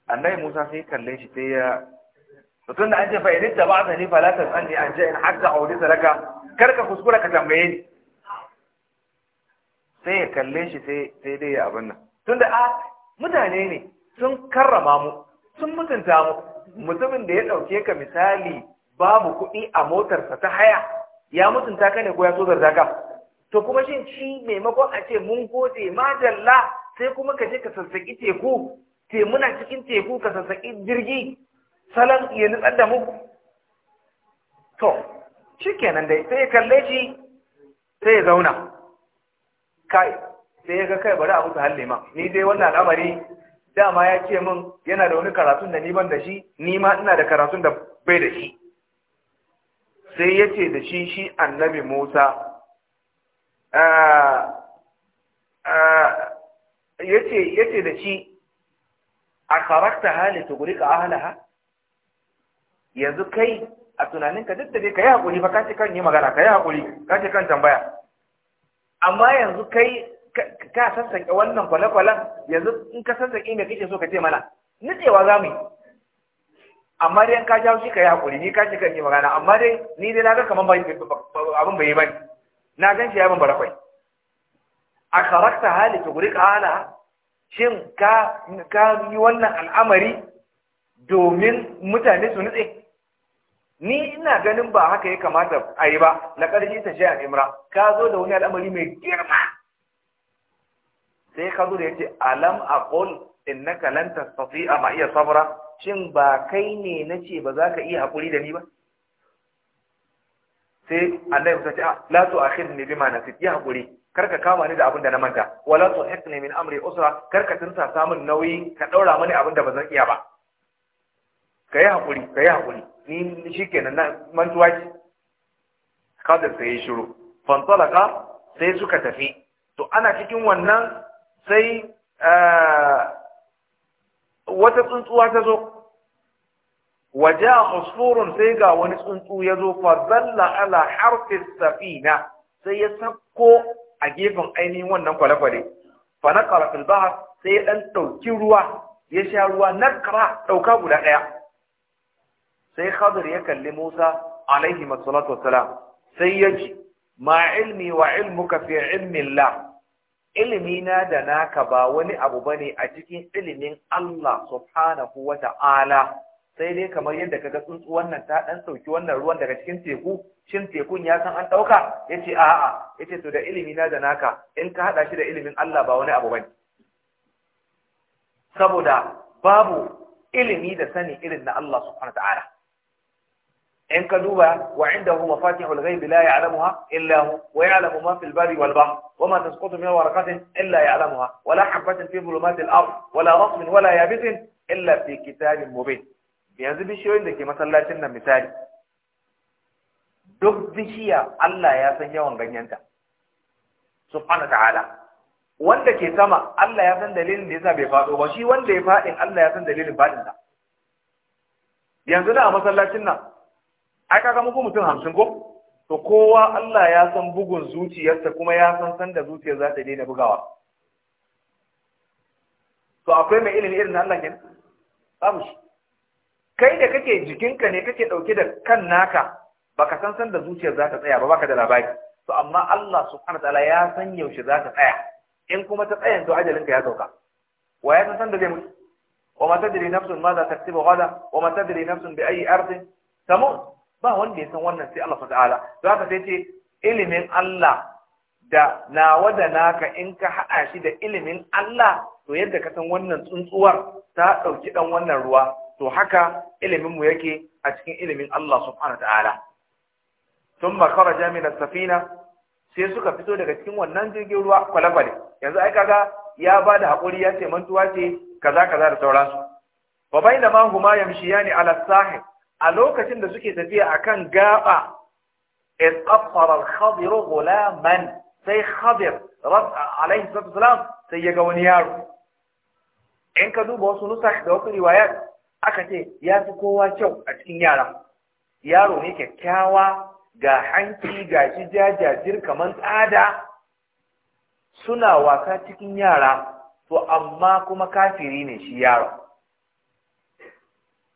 annabi musa sai kalle shi sai ya mutum da an ce fa'idin da ba a sani falatar an ne an ce in haka a wuri saraka karka kuskura ka tambaye ni sai ya kalle shi sai dai ya abin nan tun da a ah, mutane ne sun karrama mu sun mutunta mu mutumin da ya ɗauke ka misali babu kuɗi a motarsa ta haya ya mutunta ka ne ko ya so zarta ka to kuma shin shi maimakon a ce mun gode majalla sai kuma ka je ka sassaƙi teku te muna cikin teku ka sassaƙi jirgi salon ya nutsar da mu to shi kenan dai sai ya kalle shi sai ya zauna kai sai ya ga kai bari a musu halle ma ni dai wannan al'amari dama ya ce min yana da wani karatun da ni ban da shi ni ma ina da karatun da bai da shi sai ya ce da shi shi annabi musa ah, ah, ya ce da shi a karakta hali tugurika ahalaha yanzu kai a tunaninka duk da dai ka yi haƙuri ba ka ce kan yi magana ka yi haƙuri ka ce kan tambaya amma yanzu kai ka sassaƙe wannan kwale-kwalen yanzu in ka sassaƙe mai kake so ka ce mana Nitsewa za mu yi amma dai ka jawo shi ka yi haƙuri ni ka ce kan yi magana amma dai ni dai na ga kamar abin bai yi ba na gan shi ya ban barakwai a karakta hali ta guri ƙala shin ka yi wannan al'amari domin mutane su nutse ni ina ganin ba haka ya kamata a yi ba na ƙarfi ta shi a imra ka zo da wani al'amari mai girma sai Khadir da yace alam aqul innaka lan tastati'a ma iya sabra shin ba kai ne nace ba za ka iya hakuri da ni ba sai Allah ta ce ah, la tu'akhidni bima nasit ya hakuri karka kama ni da abin da na manta wala tuhiqni min amri usra karka tunsa samun nauyi ka daura mani abin da ba zan iya ba kai hakuri kai hakuri ni shikenan na mantuwa ki? kada sai ya shiru fantalaka sai suka tafi to ana cikin wannan sai eh, wata tsuntsuwa ta zo waje a musurun sai ga wani tsuntsu ya zo fazalla ala harfin safina sai ya sako a gefen ainihin wannan kwale-kwale fa na karfin bahar sai ya ɗan ɗauki ruwa ya sha ruwa na kara ɗauka guda ɗaya sai khadir ya kalli musa alaihi masalatu wasalam sai ya ji ma ilmi wa ilmuka fi ilmin la ilimi na da naka ba wani abu bane a cikin ilimin Allah subhanahu ta'ala sai dai kamar yadda kaga tsuntsu wannan ta dan sauki wannan ruwan daga cikin teku shin tekun ya san an dauka yace a'a yace to da ilimi na da naka in ka hada shi da ilimin Allah ba wani abu bane saboda babu ilimi da sani irin na Allah subhanahu ta'ala in ka duba wa indahu mafatihul ghaib la ya'lamuha illa hu wa ya'lamu ma fil bari wal bahr wa ma tasqutu min waraqatin illa ya'lamuha wa la habatin fi dhulumatil ard wa la rasmin wa la yabisin illa fi kitabin mubin yanzu bishiyoyin da ke masallacin nan misali duk bishiya Allah ya san yawan ganyenta subhanahu ta'ala wanda ke sama Allah ya san dalilin da yasa bai faɗo ba shi wanda ya faɗin Allah ya san dalilin faɗin yanzu na a masallacin nan ai kaga mu mutum hamsin ko to kowa Allah ya san bugun zuciyarsa kuma ya san sanda zuciyar za ta daina bugawa to akwai mai ilimi irin Allah ne babu shi kai da kake jikinka ne kake dauke da kan naka baka san sanda zuciyar za ta tsaya ba baka da labari to amma Allah subhanahu wataala ya san yaushe za ta tsaya in kuma ta tsaya to ajalinka ya sauka wa ya san sanda zai mutu wa ma tadri nafsun ma za ta tsiba gada wa ma tadri nafsun bi ayi ardin tamut ba wanda ya san wannan sai Allah ta'ala za ka sai ce ilimin Allah da nawa da naka in ka haɗa shi da ilimin Allah to yadda ka san wannan tsuntsuwar ta ɗauki ɗan wannan ruwa to haka ilimin mu yake a cikin ilimin Allah subhanahu ta'ala sun makara jami'ar safina sai suka fito daga cikin wannan jirgin ruwa kwale yanzu ai kaga ya ba da haƙuri ya ce mantuwa ce kaza kaza da sauransu wa bai da ma huma yamshiyani ala sahib a lokacin da suke tafiya akan gaba isabbarar khadiru gulaman sai khadir alaihi salam sai ya ga wani yaro in ka duba wasu nusa da wasu riwaya aka ce ya fi kowa kyau a cikin yara yaro ne kyakkyawa ga hanki ga shi jajajir kamar tsada suna wasa cikin yara to amma kuma kafiri ne shi yaro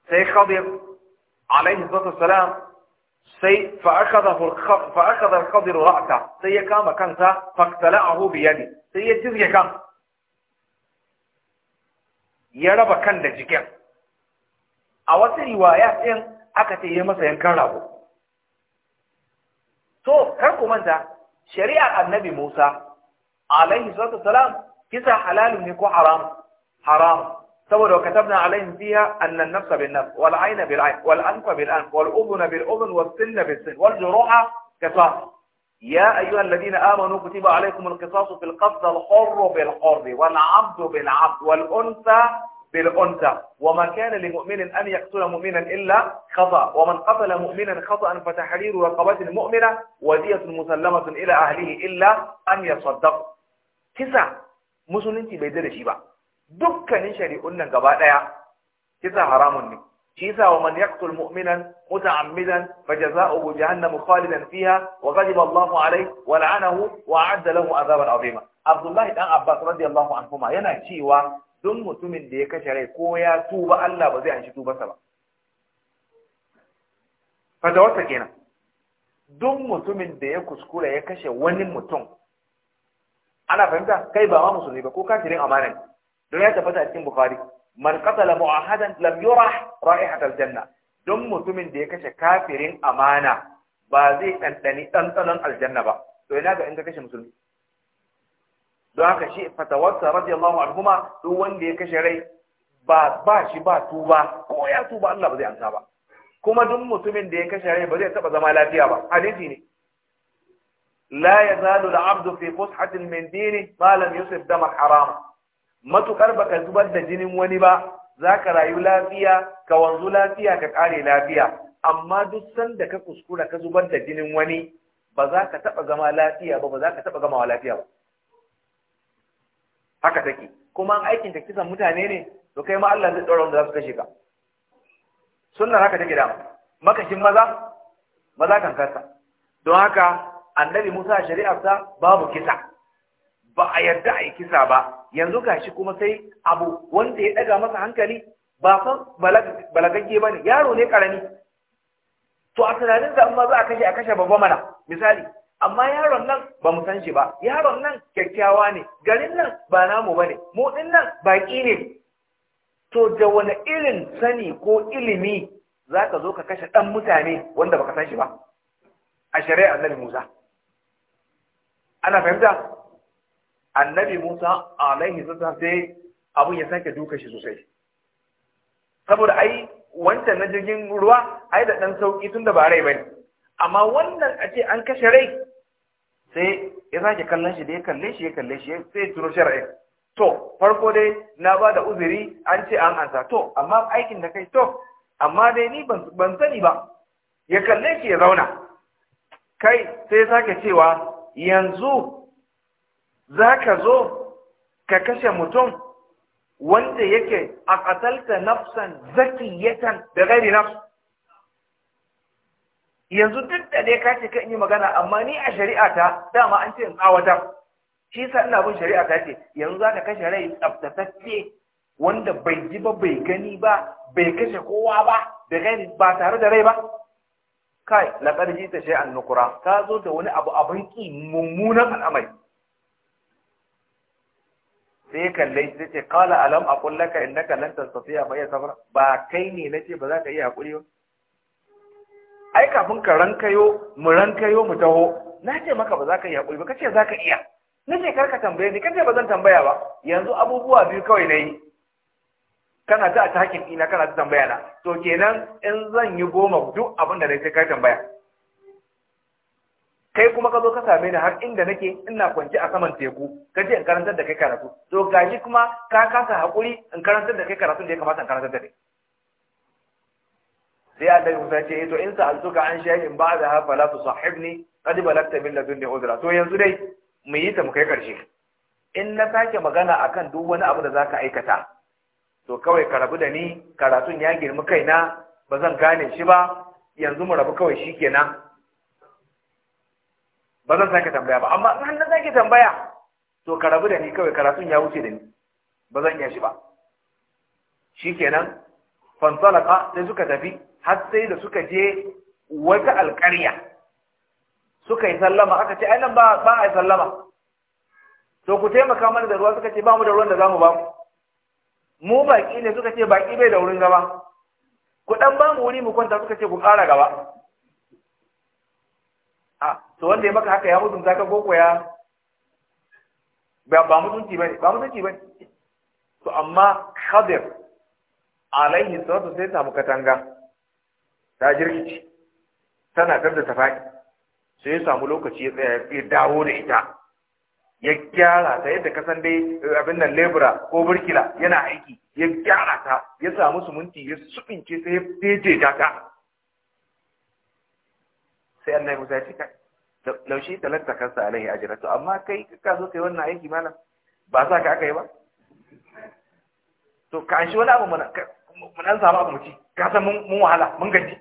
sai khadir alaihi salatu sai fa'akada al-qadir ra'ata sai ya kama kansa faktala'ahu bi yadi sai ya jirge kan ya raba kan da jikin a wasu riwaya din aka ce ya masa yankan rago to kar ku manta shari'ar annabi Musa alaihi kisa ne ko haram saboda وكتبنا عليهم فيها ان النفس بالنفس والعين بالعين والانف بالانف والاذن بالاذن والسن بالسن والجروح anf يا أيها الذين آمنوا كتب عليكم القصاص في القصد الحر بالحر والعبد بالعبد والأنثى بالأنثى وما كان لمؤمن أن يقتل مؤمنا إلا خطأ ومن قتل مؤمنا خطأ فتحرير رقبة مؤمنة ودية مسلمة إلى أهله إلا أن يصدق كسا مسلمتي بيدر بقى dukkanin shari'un nan gaba daya kisa haramun ne shi yasa wa man yaqtul mu'minan muta'ammidan fajaza'uhu jahannamu khalidan fiha wa ghadiba Allahu alayhi wa la'anahu wa a'adda lahu azaban 'azima Abdullah dan Abbas radiyallahu anhuma yana cewa duk mutumin da ya kashe rai ko ya tuba Allah ba zai anshi tubarsa ba fatawarsa kenan duk mutumin da ya kuskura ya kashe wani mutum ana fahimta kai ba ma musulmi ba ko kafirin amana don ya tafata a cikin bukhari man qatala mu'ahadan lam yurah ra'ihat aljanna don mutumin da ya kashe kafirin amana ba zai dandani ɗanɗanon aljanna ba to ina ga in ka kashe musulmi don haka shi fatawarsa radiyallahu anhuma duk wanda ya kashe rai ba ba shi ba tuba ko ya tuba Allah ba zai amsa ba kuma duk mutumin da ya kashe rai ba zai taba zama lafiya ba hadisi ne la yazalu al-abdu fi fushatin min dini ma lam yusib dama harama matukar baka zubar da jinin wani ba za ka rayu lafiya ka wanzu lafiya ka kare lafiya amma duk sanda ka kuskura ka zubar da jinin wani ba za ka taba zama lafiya ba ba za ka taba gamawa lafiya ba haka take kuma an aikin ta kisan mutane ne to kai ma Allah zai daura wanda za su kashe ka sunnar haka take da makashin maza maza kan kasa don haka annabi Musa shari'arsa babu kisa ba a yarda a yi kisa ba yanzu gashi kuma sai abu wanda ya ɗaga masa hankali ba fa balagagge ba ne yaro ne karami to a tunanin da amma za a kashe a kashe babba mana misali amma yaron nan ba mu san shi ba yaron nan kyakkyawa ne garin nan ba namu ba ne mu ɗin nan baƙi ne to da wani irin sani ko ilimi za ka zo ka kashe ɗan mutane wanda ba ka san shi ba a shari'a annabi musa ana fahimta annabi Musa alaihi sallam sai abun ya sake duka shi sosai saboda ai wancan na jirgin ruwa ai da ɗan sauki tun da ba bane amma wannan a ce an kashe rai sai ya sake kallon shi da ya kalle shi ya kalle shi sai ya turo shar'in to farko dai na ba da uzuri an ce an ansa to amma aikin da kai to amma dai ni ban sani ba ya kalle shi ya zauna kai sai ya sake cewa yanzu za ka zo ka kashe mutum wanda yake a ƙasalta nafsan yatan da gari nafsu yanzu duk da dai ka ce kan yi magana amma ni a shari'a ta dama an ce in tsawatar shi sa ina bin shari'a ta ce yanzu za ka kashe rai tsaftatacce wanda bai ji ba bai gani ba bai kashe kowa ba da gani ba tare da rai ba kai laƙar ji ta shay'an nukura ka zo da wani abu abin ki mummunan al'amari sai ya kalle shi sai ce kala alam a kullaka inda lan Safiya ba ya sabra ba kai ne na ce ba za ka iya hakuri ba ai kafin ka rankayo mu rankayo mu taho na ce maka ba za ka iya hakuri ba Ka ce za ka iya ce kar ka tambaye ni ka ce ba zan tambaya ba yanzu abubuwa biyu kawai na yi kana ta a hakin ina kana ta tambaya na to kenan in zan yi goma duk abin da ce kai tambaya kai kuma ka zo ka same ni har inda nake ina kwance a saman teku ka ce in karantar da kai karatu to gashi kuma ka kasa haƙuri in karantar da kai karatu da ya kamata in karantar da kai sai Allah Musa ce eh, to in al-suka an in shay'in la tu sahibni qad balagta min ladunni udra to yanzu dai mu yi ta mu kai karshe in na sake magana akan duk wani abu da zaka aikata to kawai ka rabu da ni karatun ya girmi kaina ba zan gane shi ba yanzu mu rabu kawai shikenan ba zan sake tambaya ba amma in na sake tambaya to ka rabu da ni kawai karatun ya wuce da ni ba zan iya shi ba shikenan fansalaka sai suka tafi har sai da suka je wata alƙarya suka yi sallama aka ce ai nan ba ba a sallama to ku taimaka mana da ruwa suka ce ba mu da ruwan da zamu ba mu mu baki ne suka ce baki bai da wurin gaba ku dan ba mu wuri mu kwanta suka ce ku ƙara gaba a to wanda ya maka haka ya mutunta ka ko ya ba mutunci bane ba mutunci bane to amma khadir alaihi salatu sai samu katanga ta jirgici tana tarda da sai ya samu lokaci ya tsaya ya dawo da ita ya gyara ta yadda kasan dai eh, abin nan lebura ko burkila yana aiki ya gyara ta ya samu sumunti ya subince sai ya ta ta sai Allah Musa ya ce ka laushi talanta kansa alaihi ajira to amma kai ka zo kai wannan aiki malam ba sa ka aka yi ba to ka shi wani abu mun an samu abu ci ka san mun wahala mun gaji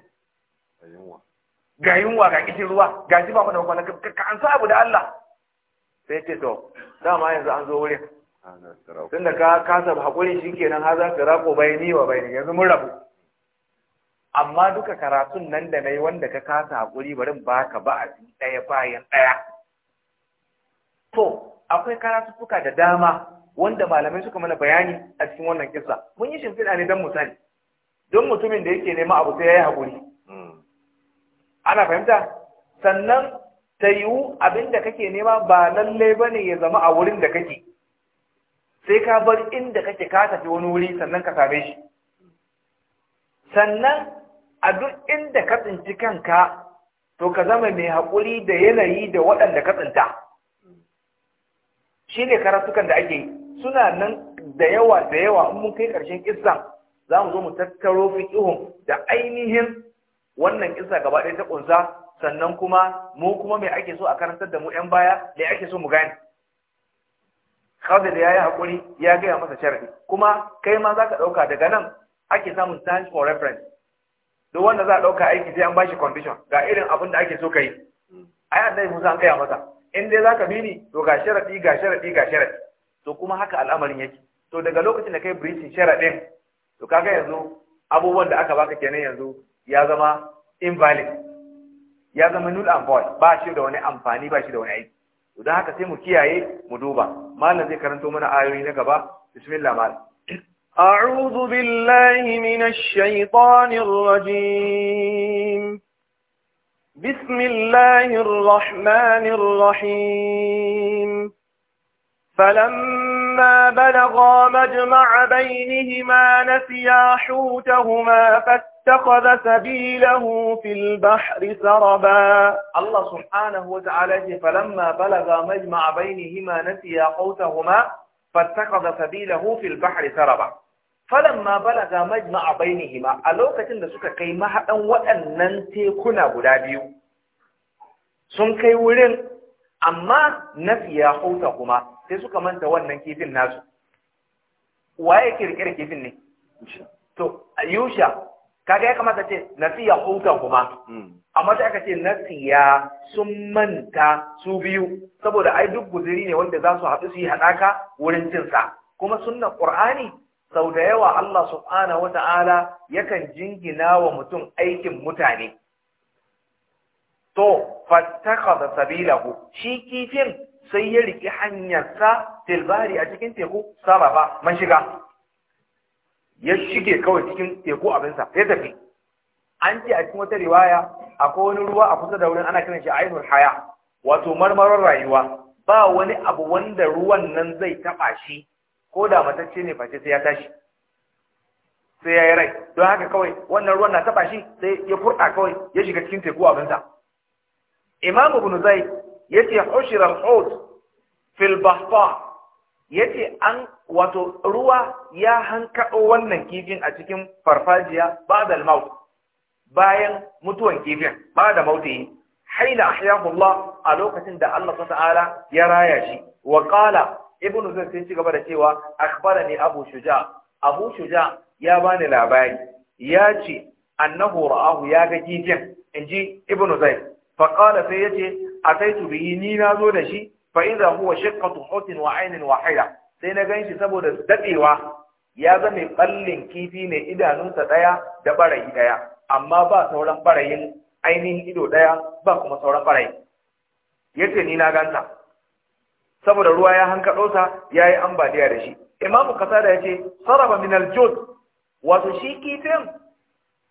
ga yunwa ga kishin ruwa ga ji ba mu da kwana ka an sa abu da Allah sai ce to dama yanzu an zo wurin tunda ka kasa hakuri shi kenan ha za ka rako bayani wa bayani yanzu mun rabu amma duka karatun nan da na yi wanda ka kasa haƙuri barin ka ba a ɗaya bayan ɗaya to akwai karatuttuka da dama wanda malamai suka mana bayani a cikin wannan kisa mun yi shimfiɗa ne don sani. don mutumin da yake nema abu sai ya yi haƙuri hmm. ana fahimta sannan ta yiwu abin da kake nema ba lallai ba ne ya zama a wurin da kake sai ka bar inda kake ka tafi wani wuri sannan ka same shi sannan a duk inda ka tsinci kanka to ka zama mai haƙuri da yanayi da waɗanda ka tsinta shi ne karatukan da ake suna nan da yawa da yawa in mun kai ƙarshen ƙisa za mu zo mu tattaro fiƙihun da ainihin wannan ƙisa gaba ɗaya ta ƙunsa sannan kuma mu kuma mai ake so a karantar da mu 'yan baya da ake so mu gane Khadir ya yi haƙuri ya gaya masa sharadi kuma kai ma za ka ɗauka daga nan ake samun science for reference duk wanda za a ɗauka aiki sai an bashi condition ga irin abin da ake so ka yi ai annabi Musa an a masa in dai zaka bi ni to ga sharadi ga sharadi ga sharadi to kuma haka al'amarin yake to daga lokacin da kai breaching sharaɗin. to kaga yanzu abubuwan da aka baka kenan yanzu ya zama invalid ya zama null and void ba shi da wani amfani ba shi da wani aiki to don haka sai mu kiyaye mu duba malam zai karanto mana ayoyi na gaba bismillah malam أعوذ بالله من الشيطان الرجيم بسم الله الرحمن الرحيم فلما بلغا مجمع بينهما نسيا حوتهما فاتخذ سبيله في البحر سربا الله سبحانه وتعالى فلما بلغا مجمع بينهما نسيا حوتهما فاتخذ سبيله في البحر سربا ma balaga majma'a bainihima a lokacin da suka kai mahaɗan waɗannan tekuna guda biyu sun kai wurin amma fiya hauta kuma sai suka manta wannan kifin nasu waye kirkirar kifin ne to yusha kaga ya kamata ce fiya hauta kuma hmm. amma sai aka ce na fiya sun manta su biyu saboda ai duk guziri ne wanda za su haɗu su yi haɗaka wurin cinsa kuma sunnan qur'ani sau da yawa Allah subhanahu wata'ala yakan jingina wa mutum aikin mutane to Sabila sabilahu shi kifin sai ya hanyar hanyarsa tilbari a cikin teku sarrafa man shiga ya shige kawai cikin teku abinsa ya tafi an ce a cikin wata riwaya akwai wani ruwa a kusa da wurin ana kiran shi ainul haya wato marmarar rayuwa ba wani abu wanda ruwan nan zai taɓa shi ko da matacce ne face sai ya tashi sai ya yi rai don haka kawai wannan ruwan na taba shi sai ya furta kawai ya shiga cikin teku abinsa imam ibn zaid yace ushira al-hut fil bahfa yace an wato ruwa ya hankado wannan kifin a cikin farfajiya ba'da al-maut bayan mutuwan kifin ba'da mautihi haina ahyahu Allah a lokacin da Allah ta'ala ya raya shi wa qala ibn Zayd sai ci gaba da cewa akhbarani Abu Shuja Abu Shuja ya bani labari ya ce annahu ra'ahu ya ga jijin inji ibn Zayd fa qala sai yace ataitu bihi ni na zo da shi fa idza huwa shaqqatu hutin wa aynin wahida sai na ganshi saboda dadewa ya zame ballin kifi ne idanunsa daya da barayi daya amma ba sauran barayin ainihin ido daya ba kuma sauran barayi yace ni na ganta saboda ruwa ya hankaɗo sa yi ambaliya da shi imamu kasada yace saraba min aljud wato shi kifin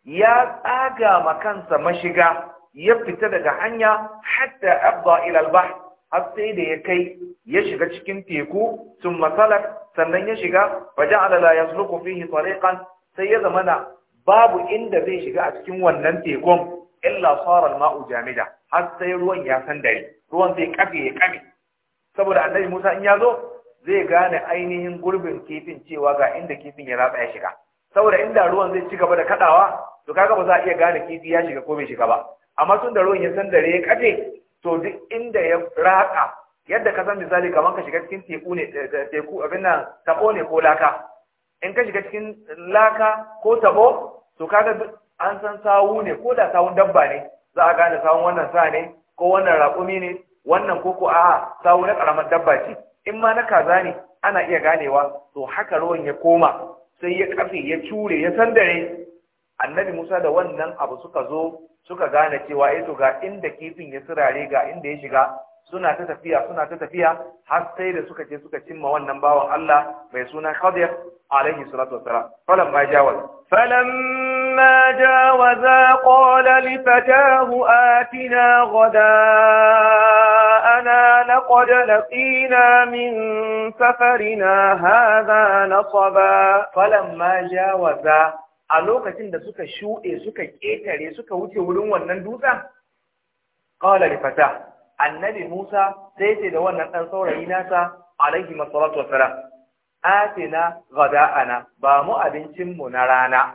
ya tsaga ma kansa mashiga ya fita daga hanya hatta abda ila albahr har sai da ya kai ya shiga cikin teku sun masalar sannan ya shiga baje alala ya zuluku fihi tariqan sai ya na babu inda zai shiga a cikin wannan tekun illa sarar ma'u jamida har sai ruwan ya san dare ruwan zai kafe ya kame saboda annabi Musa in ya zo zai gane ainihin gurbin kifin cewa ga inda kifin ya ratsa ya shiga saboda inda ruwan zai ci gaba da kadawa to kaga ba za a iya gane kifi ya shiga ko bai shiga ba amma tun da ruwan ya san dare ya kace to duk inda ya ratsa yadda ka san misali kamar ka shiga cikin teku ne eh, eh, teku abin nan tabo ne ko laka in ka shiga cikin laka ko tabo to kaga duk an san sawu ne ko da sawun dabba ne za a gane sawun wannan sa ne ko wannan raƙumi ne wannan koko a sawu na karamar dabba ce in ma na kaza ne ana iya ganewa to haka ruwan ya koma sai ya kafe ya cure ya sandare annabi Musa da wannan abu suka zo suka gane cewa eh to ga inda kifin ya sirare ga inda ya shiga suna ta tafiya suna ta tafiya har sai da suka je suka cimma wannan bawan Allah mai suna Khadir alaihi salatu wassalam falan ma jawaz falan ma jawaza qala li fatahu atina ghada ana laqad laqina min safarina hadha nasaba falan ma jawaza a lokacin da suka shuɗe suka ƙetare suka wuce wurin wannan dutsen, ƙawala da annabi Musa sai ce da wannan ɗan saurayi nasa alaihi masalatu wassalam atina ghada'ana ba mu abincin mu na rana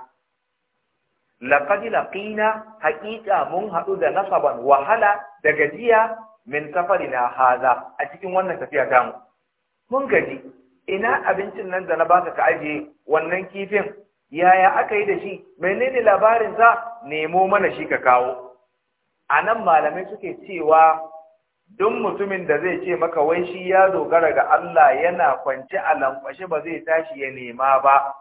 laqad laqina haqiqa mun haɗu da nasaban wahala da gajiya min na haza a cikin wannan tafiya ta mu mun gaji ina abincin nan da na baka ka ajiye wannan kifin yaya aka yi da shi menene labarin sa nemo mana shi ka kawo anan malamai suke cewa duk mutumin da zai ce maka wai shi ya dogara ga Allah yana kwance a lankwashe ba zai tashi ya nema ba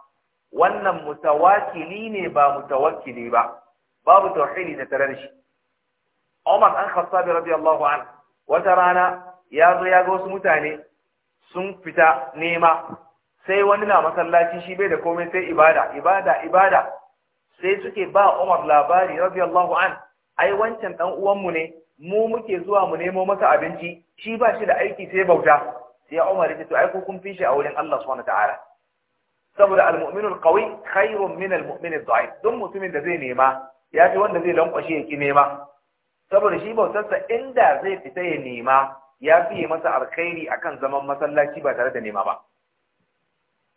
wannan mutawakili ne ba mutawakili ba babu tauhidi da tarar shi Umar an Khattabi radiyallahu an wata rana ya zo ya ga wasu mutane sun fita nema sai wani na masallaci shi bai da komai sai ibada ibada ibada sai suke ba Umar labari radiyallahu an ai wancan dan uwanmu ne mu muke zuwa mu nemo masa abinci shi ba shi da aiki sai bauta sai Umar ya ce to ai kun fishi a wurin Allah subhanahu wataala saboda almuminu muminu al khairun min al-mu'min al mutumin da zai nema ya fi wanda zai lankwashe ya ki nema saboda shi bautarsa inda zai fita ya nema ya fiye masa alkhairi akan zaman masallaci ba tare da nema ba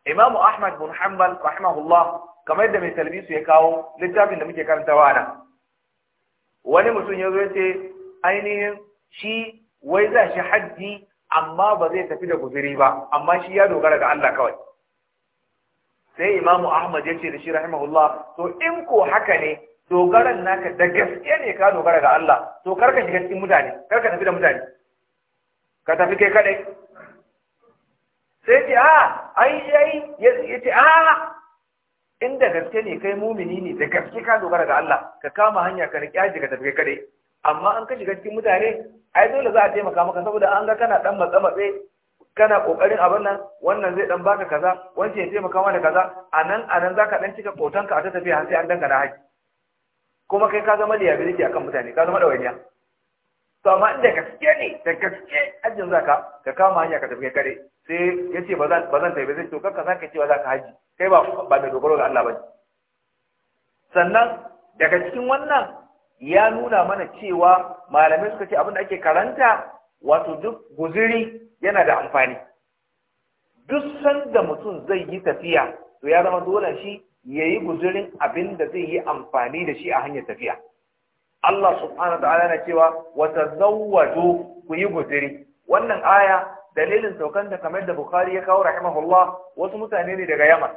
Imam Ahmad bin Hanbal rahimahullah kamar yadda mai talbisu ya kawo littafin da muke karantawa nan wani mutum ya zo ya ce ainihin shi wai za shi hajji amma ba zai tafi da guzuri ba amma shi ya dogara ga Allah kawai sai imamu ahmad ya ce da shi rahimahullah to in ko haka ne dogaran naka da gaske ne ka dogara ga Allah to karka shiga cikin mutane karka tafi da mutane ka tafi kai kadai sai ce a ah, ai ai ya ce a ah, inda gaske ne kai mumini ne da gaske ka dogara ga Allah ka kama hanya ka riƙi aji ka tafi kai kadai amma an ka shiga cikin mutane ai dole za a taimaka maka saboda an ga kana dan matsamatse matse kana kokarin abin nan wannan zai dan baka kaza wancan ya taimaka mana kaza anan anan zaka dan cika kotanka a ta tafiya har sai an danka da haƙi kuma kai ka zama da liability akan mutane ka zama dawainiya to amma inda gaske ne da gaske ajin zaka ka kama hanya ka tafi kare sai yace ba zan ba zan tafi zai to kanka zaka ce ba zaka haji kai ba ba da dogaro ga Allah ba sannan daga cikin wannan ya nuna mana cewa malamai suka ce abin ake karanta wato duk guziri yana da amfani duk sanda mutum zai yi tafiya to ya zama dole shi ya yi guzirin abin da zai yi amfani da shi a hanyar tafiya Allah subhanahu ta'ala na cewa wata zawwado ku yi guziri wannan aya dalilin saukan ta kamar da Bukhari ya kawo rahimahullah wasu mutane ne daga Yaman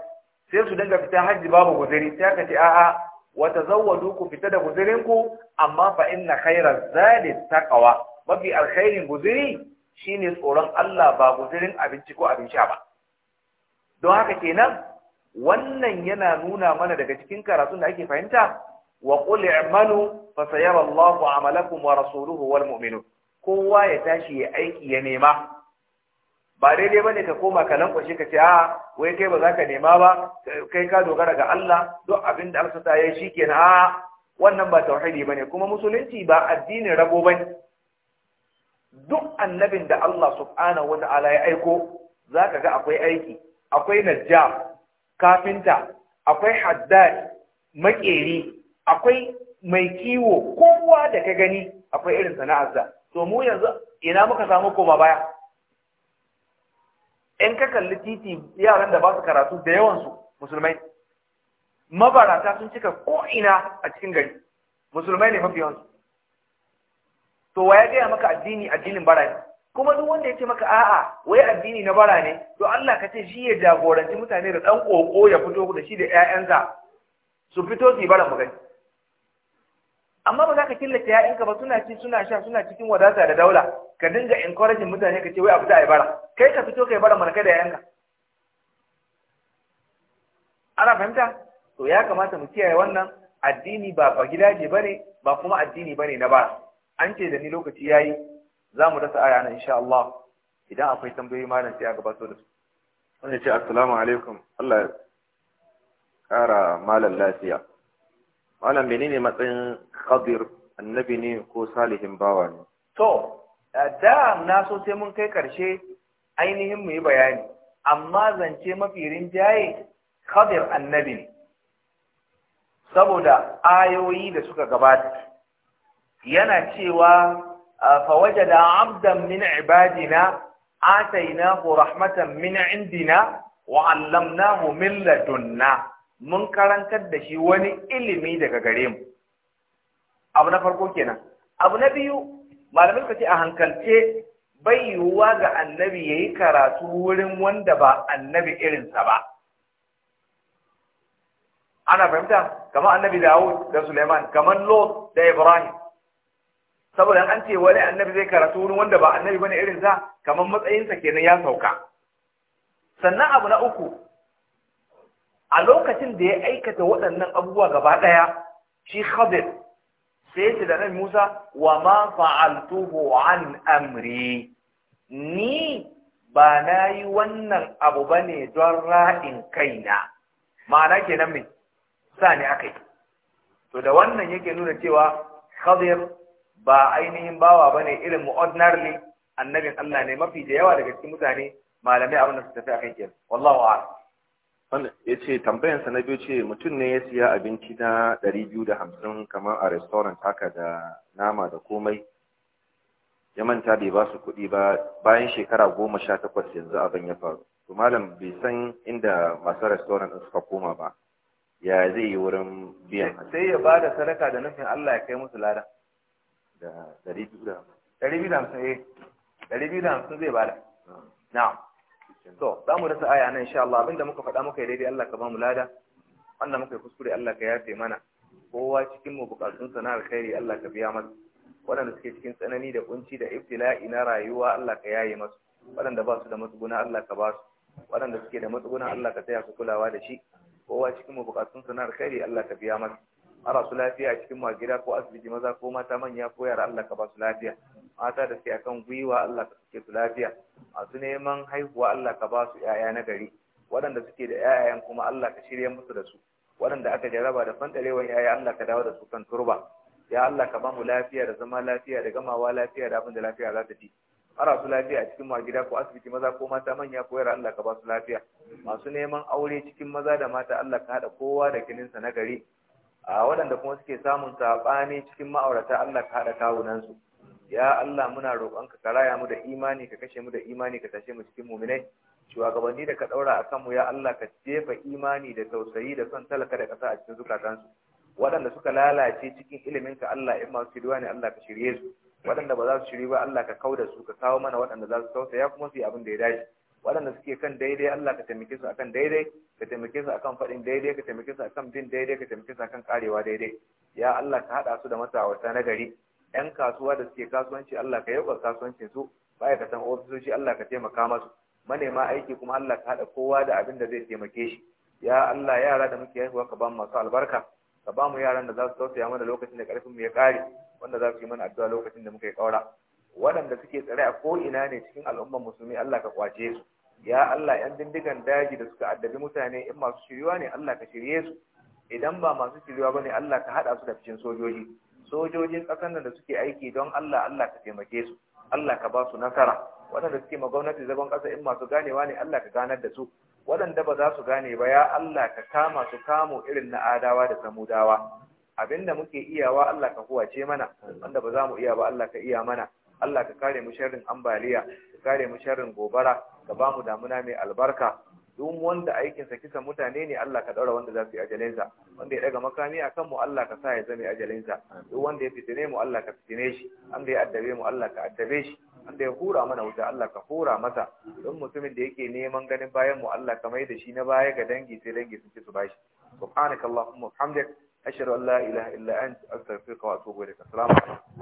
sai su dinga fita hajji babu guziri sai aka ce a'a Wata tazawwadu ku fita da guzurinku amma fa inna khairaz zadi taqwa mafi alkhairin guziri shine tsoron Allah ba guzirin abinci ko abin sha ba don haka kenan wannan yana nuna mana daga cikin karatun da ake fahimta wa qul i'malu fa sayara Allahu amalakum wa rasuluhu wal mu'minun kowa ya tashi ya aiki ya nema ba daidai bane ka koma ka lankwashe ka ce a wai kai ba za ka nema ba kai ka dogara ga Allah duk abinda da Allah ta yi shikenan a wannan ba tauhidi bane kuma musulunci ba addinin rabo bane duk annabin da Allah subhanahu wata'ala ya aiko zaka ga akwai aiki akwai najja kafinta akwai haddad makeri akwai mai kiwo kowa da ka gani akwai irin sana'arsa to mu yanzu ina muka samu koma baya in ka kalli titi yaran da ba su karatu da yawansu musulmai mabarata sun cika ko'ina a cikin gari musulmai ne mafi yawansu to wa ya gaya maka addini addinin bara ne kuma duk wanda ya ce maka a'a wai addini na bara ne to Allah ka ce shi ya jagoranci mutane da ɗan ƙoƙo ya fito da shi da ƴaƴansa su fito su yi bara mu gani amma ba za ka killace ya'yanka ba suna ci suna sha suna cikin wadata da daula ka dinga encouraging mutane ka ce wai abu da a bara kai ka fito kai bara mana kai da yanka. ana fahimta to ya kamata mu kiyaye wannan addini ba ba gidaje bane ba kuma addini bane na bara an ce da ni lokaci yayi za mu dasa aya nan insha Allah idan akwai tambayoyi malam sai a gabatar da su wanda ce assalamu alaikum Allah ya kara malam lafiya malam menene matsayin khadir annabi ne ko salihin bawa ne to eh, da na so sai mun kai karshe ainihin mu yi bayani amma zance mafi rinjaye khadir annabi ne saboda ayoyi da suka gabata yana cewa ah, da min min ibadina عبادنا rahmatan min indina, wa'allam allamnahu min ladunna. mun karantar da shi wani ilimi daga gare mu abu na farko kenan abu na biyu malamin ka ce a hankalce bai yiwuwa ga annabi ya yi karatu wurin wanda ba annabi irinsa ba ana fahimta kamar annabi dawud da suleiman kamar lot da ibrahim saboda an ce wani annabi zai karatu wurin wanda ba annabi bane irinsa kamar matsayinsa kenan ya sauka sannan abu na uku a lokacin da ya aikata waɗannan abubuwa gaba ɗaya shi khadir sai ya ce da nan musa wa ma fa'altuhu an amri ni ba na yi wannan abu ba ne don ra'in kaina ma'ana kenan mai sa ne aka yi to da wannan yake nuna cewa khadir ba ainihin bawa ba ne irin mu'ordinarly annabin Allah ne mafi da yawa daga cikin mutane malamai abin da su tafi a kan kenan wallahu a'lam ya ce tambayansa na biyu ce mutum ne ya siya abinci na ɗari biyu da hamsin kamar a restaurant haka da nama da komai ya manta bai ba su kuɗi ba bayan shekara goma sha takwas yanzu abin ya faru to malam bai san inda masu restaurant din suka koma ba ya zai yi wurin biyan sai ya ba da sadaka da nufin Allah ya kai musu lada da ɗari biyu da hamsin ɗari eh. zai ba da ah. na'am to za mu rasa aya nan insha Allah abinda muka faɗa muka yi daidai Allah ka ba mu lada wanda muka yi kuskure Allah ka yafe mana kowa cikin mu bukatun sana alkhairi Allah ka biya masa waɗanda suke cikin tsanani da kunci da ibtila'i na rayuwa Allah ka yaye masu waɗanda ba su da matsuguna Allah ka ba su waɗanda suke da matsuguna Allah ka taya su kulawa da shi kowa cikin mu bukatun sana alkhairi Allah ka biya masa su lafiya cikin gida ko asibiti maza ko mata manya ko yara Allah ka ba su lafiya mata da suke akan gwiwa Allah ka suke su lafiya masu neman haihuwa Allah ka ba su yaya na gari waɗanda suke da yayayen kuma Allah ka shirya musu da su waɗanda aka jaraba da fantarewan yaya Allah ka dawo da su kan turba ya Allah ka ba mu lafiya da zama lafiya da gamawa lafiya da abin da lafiya za ta ci su lafiya a cikin magida ko asibiti maza ko mata manya ko yara Allah ka ba su lafiya masu neman aure cikin maza da mata Allah ka haɗa kowa da kininsa na gari a waɗanda kuma suke samun saɓani cikin ma'aurata Allah ka haɗa kawunansu ya Allah muna roƙonka ka raya mu da imani ka kashe mu da imani ka tashe mu cikin muminai shugabanni da ka ɗaura a kanmu ya Allah ka jefa imani da tausayi da son talaka da ƙasa a cikin zukatansu waɗanda suka lalace cikin ilimin ka Allah in masu shiriwa ne Allah ka shirye su waɗanda ba za su shiri ba Allah ka kauda su ka kawo mana waɗanda za su tausaya kuma su yi abin da ya dace waɗanda suke kan daidai Allah ka taimake su akan daidai ka taimake su akan faɗin daidai ka taimake su akan bin daidai ka taimake su akan karewa daidai ya Allah ka haɗa su da matawata na gari ƴan kasuwa da suke kasuwanci Allah ka yauka kasuwancin su ma'aikatan ofisoshi Allah ka taimaka masu manema aiki kuma Allah ka haɗa kowa da abin da zai taimake shi ya Allah yara da muke haihuwa ka ba mu masu albarka ka ba mu yaran da za su tausaya mana lokacin da ƙarfin mu ya ƙare wanda za su yi mana addu'a lokacin da muka yi ƙaura waɗanda suke tsare a ina ne cikin al'ummar musulmi Allah ka kwace su ya Allah yan bindigan daji da suka addabi mutane in masu shiriwa ne Allah ka shirye su idan ba masu shiriwa bane Allah ka haɗa su da cikin sojoji sojojin ƙasar nan da suke aiki don Allah Allah ka taimake su Allah ka ba su nasara waɗanda suke ma gwamnati zagon ƙasa in masu ganewa ne Allah ka ganar da su waɗanda ba za su gane ba ya Allah ka kama su kamo irin na adawa da samudawa abinda muke iyawa Allah ka huwace mana wanda ba za mu iya ba Allah ka iya mana Allah ka kare mu sharrin ambaliya ka kare mu sharrin gobara ka ba mu damuna mai albarka duk wanda aikinsa kisa mutane ne Allah ka daura wanda za su yi ajalinsa wanda ya daga makami a kanmu Allah ka sa ya zame ajalinsa duk wanda ya fitine mu Allah ka fitine shi wanda ya addabe mu Allah ka addabe shi wanda ya hura mana wuta Allah ka hura masa don mutumin da yake neman ganin bayan mu Allah ka mai da shi na baya ga dangi sai dangi sun ci su bashi subhanakallahumma hamdak ashhadu an la ilaha illa anta astaghfiruka wa atubu ilaik assalamu alaikum